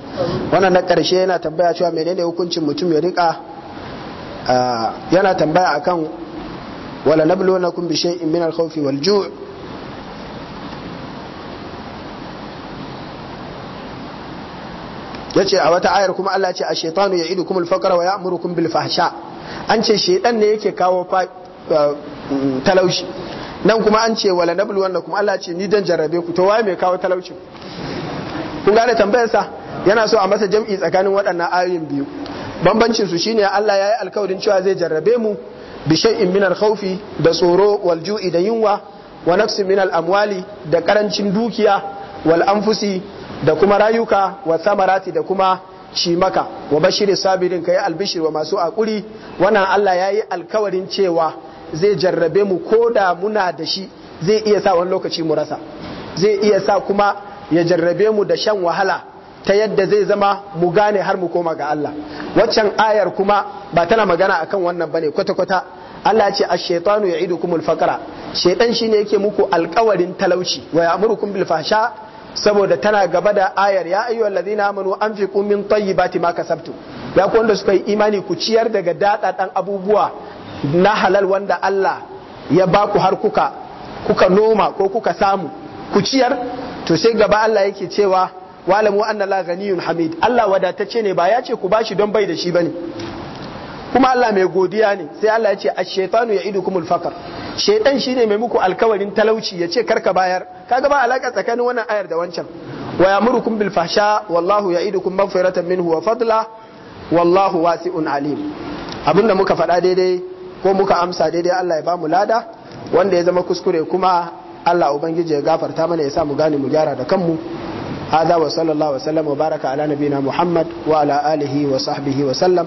wannan na ƙarshe yana tambaya cewa menene hukuncin mutum ya rika yana tambaya akan wala nablunakum bi shay'in min al-khawfi wal ju' yace a wata ayar kuma Allah ce a shaitanu ya idu al-faqra wa ya'murukum bil fahsha an ce shaitan ne yake kawo uh, mm, talauci nan kuma an ce wala nablu kuma Allah ce ni dan jarrabe ku to waye mai kawo talauci kun gane tambayar sa yana so a masa jam'i tsakanin waɗannan ayoyin biyu bambancin su shine Allah ya yi alkawarin cewa zai jarrabe mu bi shay'in min al da tsoro wal ju'i da yunwa wa nafsin min al-amwali da karancin dukiya wal anfusi da kuma rayuka wa samarati da kuma cimaka wa bashirin sabirin yi albishir wa masu akuri wannan Allah ya yi alkawarin cewa zai jarrabe mu ko da muna da shi zai iya sa wani lokaci mu rasa zai iya sa kuma ya jarrabe mu da shan wahala ta yadda zai zama mu gane har mu koma ga Allah waccan ayar kuma ba tana magana akan wannan bane kwata kwata Allah ce ash-shaytanu ya'idukumul faqra shaytan shine yake muku alkawarin talauci wa ya'murukum bil fahsha saboda tana gaba da ayar ya ayyu allazina amanu anfiqu min tayyibati ma kasabtu ya ku wanda suka yi imani ku ciyar daga dan abubuwa na halal wanda Allah ya ba ku har kuka kuka noma ko kuka samu ku ciyar to sai gaba Allah yake cewa walamu anna la ghaniyun hamid Allah wadatacce ne ba ya ce ku bashi don bai da shi bane kuma Allah mai godiya ne sai Allah ya ce ya idu shaytanu ya'idukumul shaitan shi ne mai muku alkawarin talauci ya ce karka bayar kaga ba alaƙa tsakanin wannan ayar da wancan wa yamurukum bil fahsha wallahu ya ya'idukum maghfiratan minhu wa fadla wallahu wasi'un alim abinda muka faɗa daidai ko muka amsa daidai Allah ya bamu lada wanda ya zama kuskure kuma Allah ubangiji ya gafarta mana ya sa mu gane mu gyara da kanmu هذا وصلى ala وسلم وبارك على نبينا محمد وعلى آله وصحبه وسلم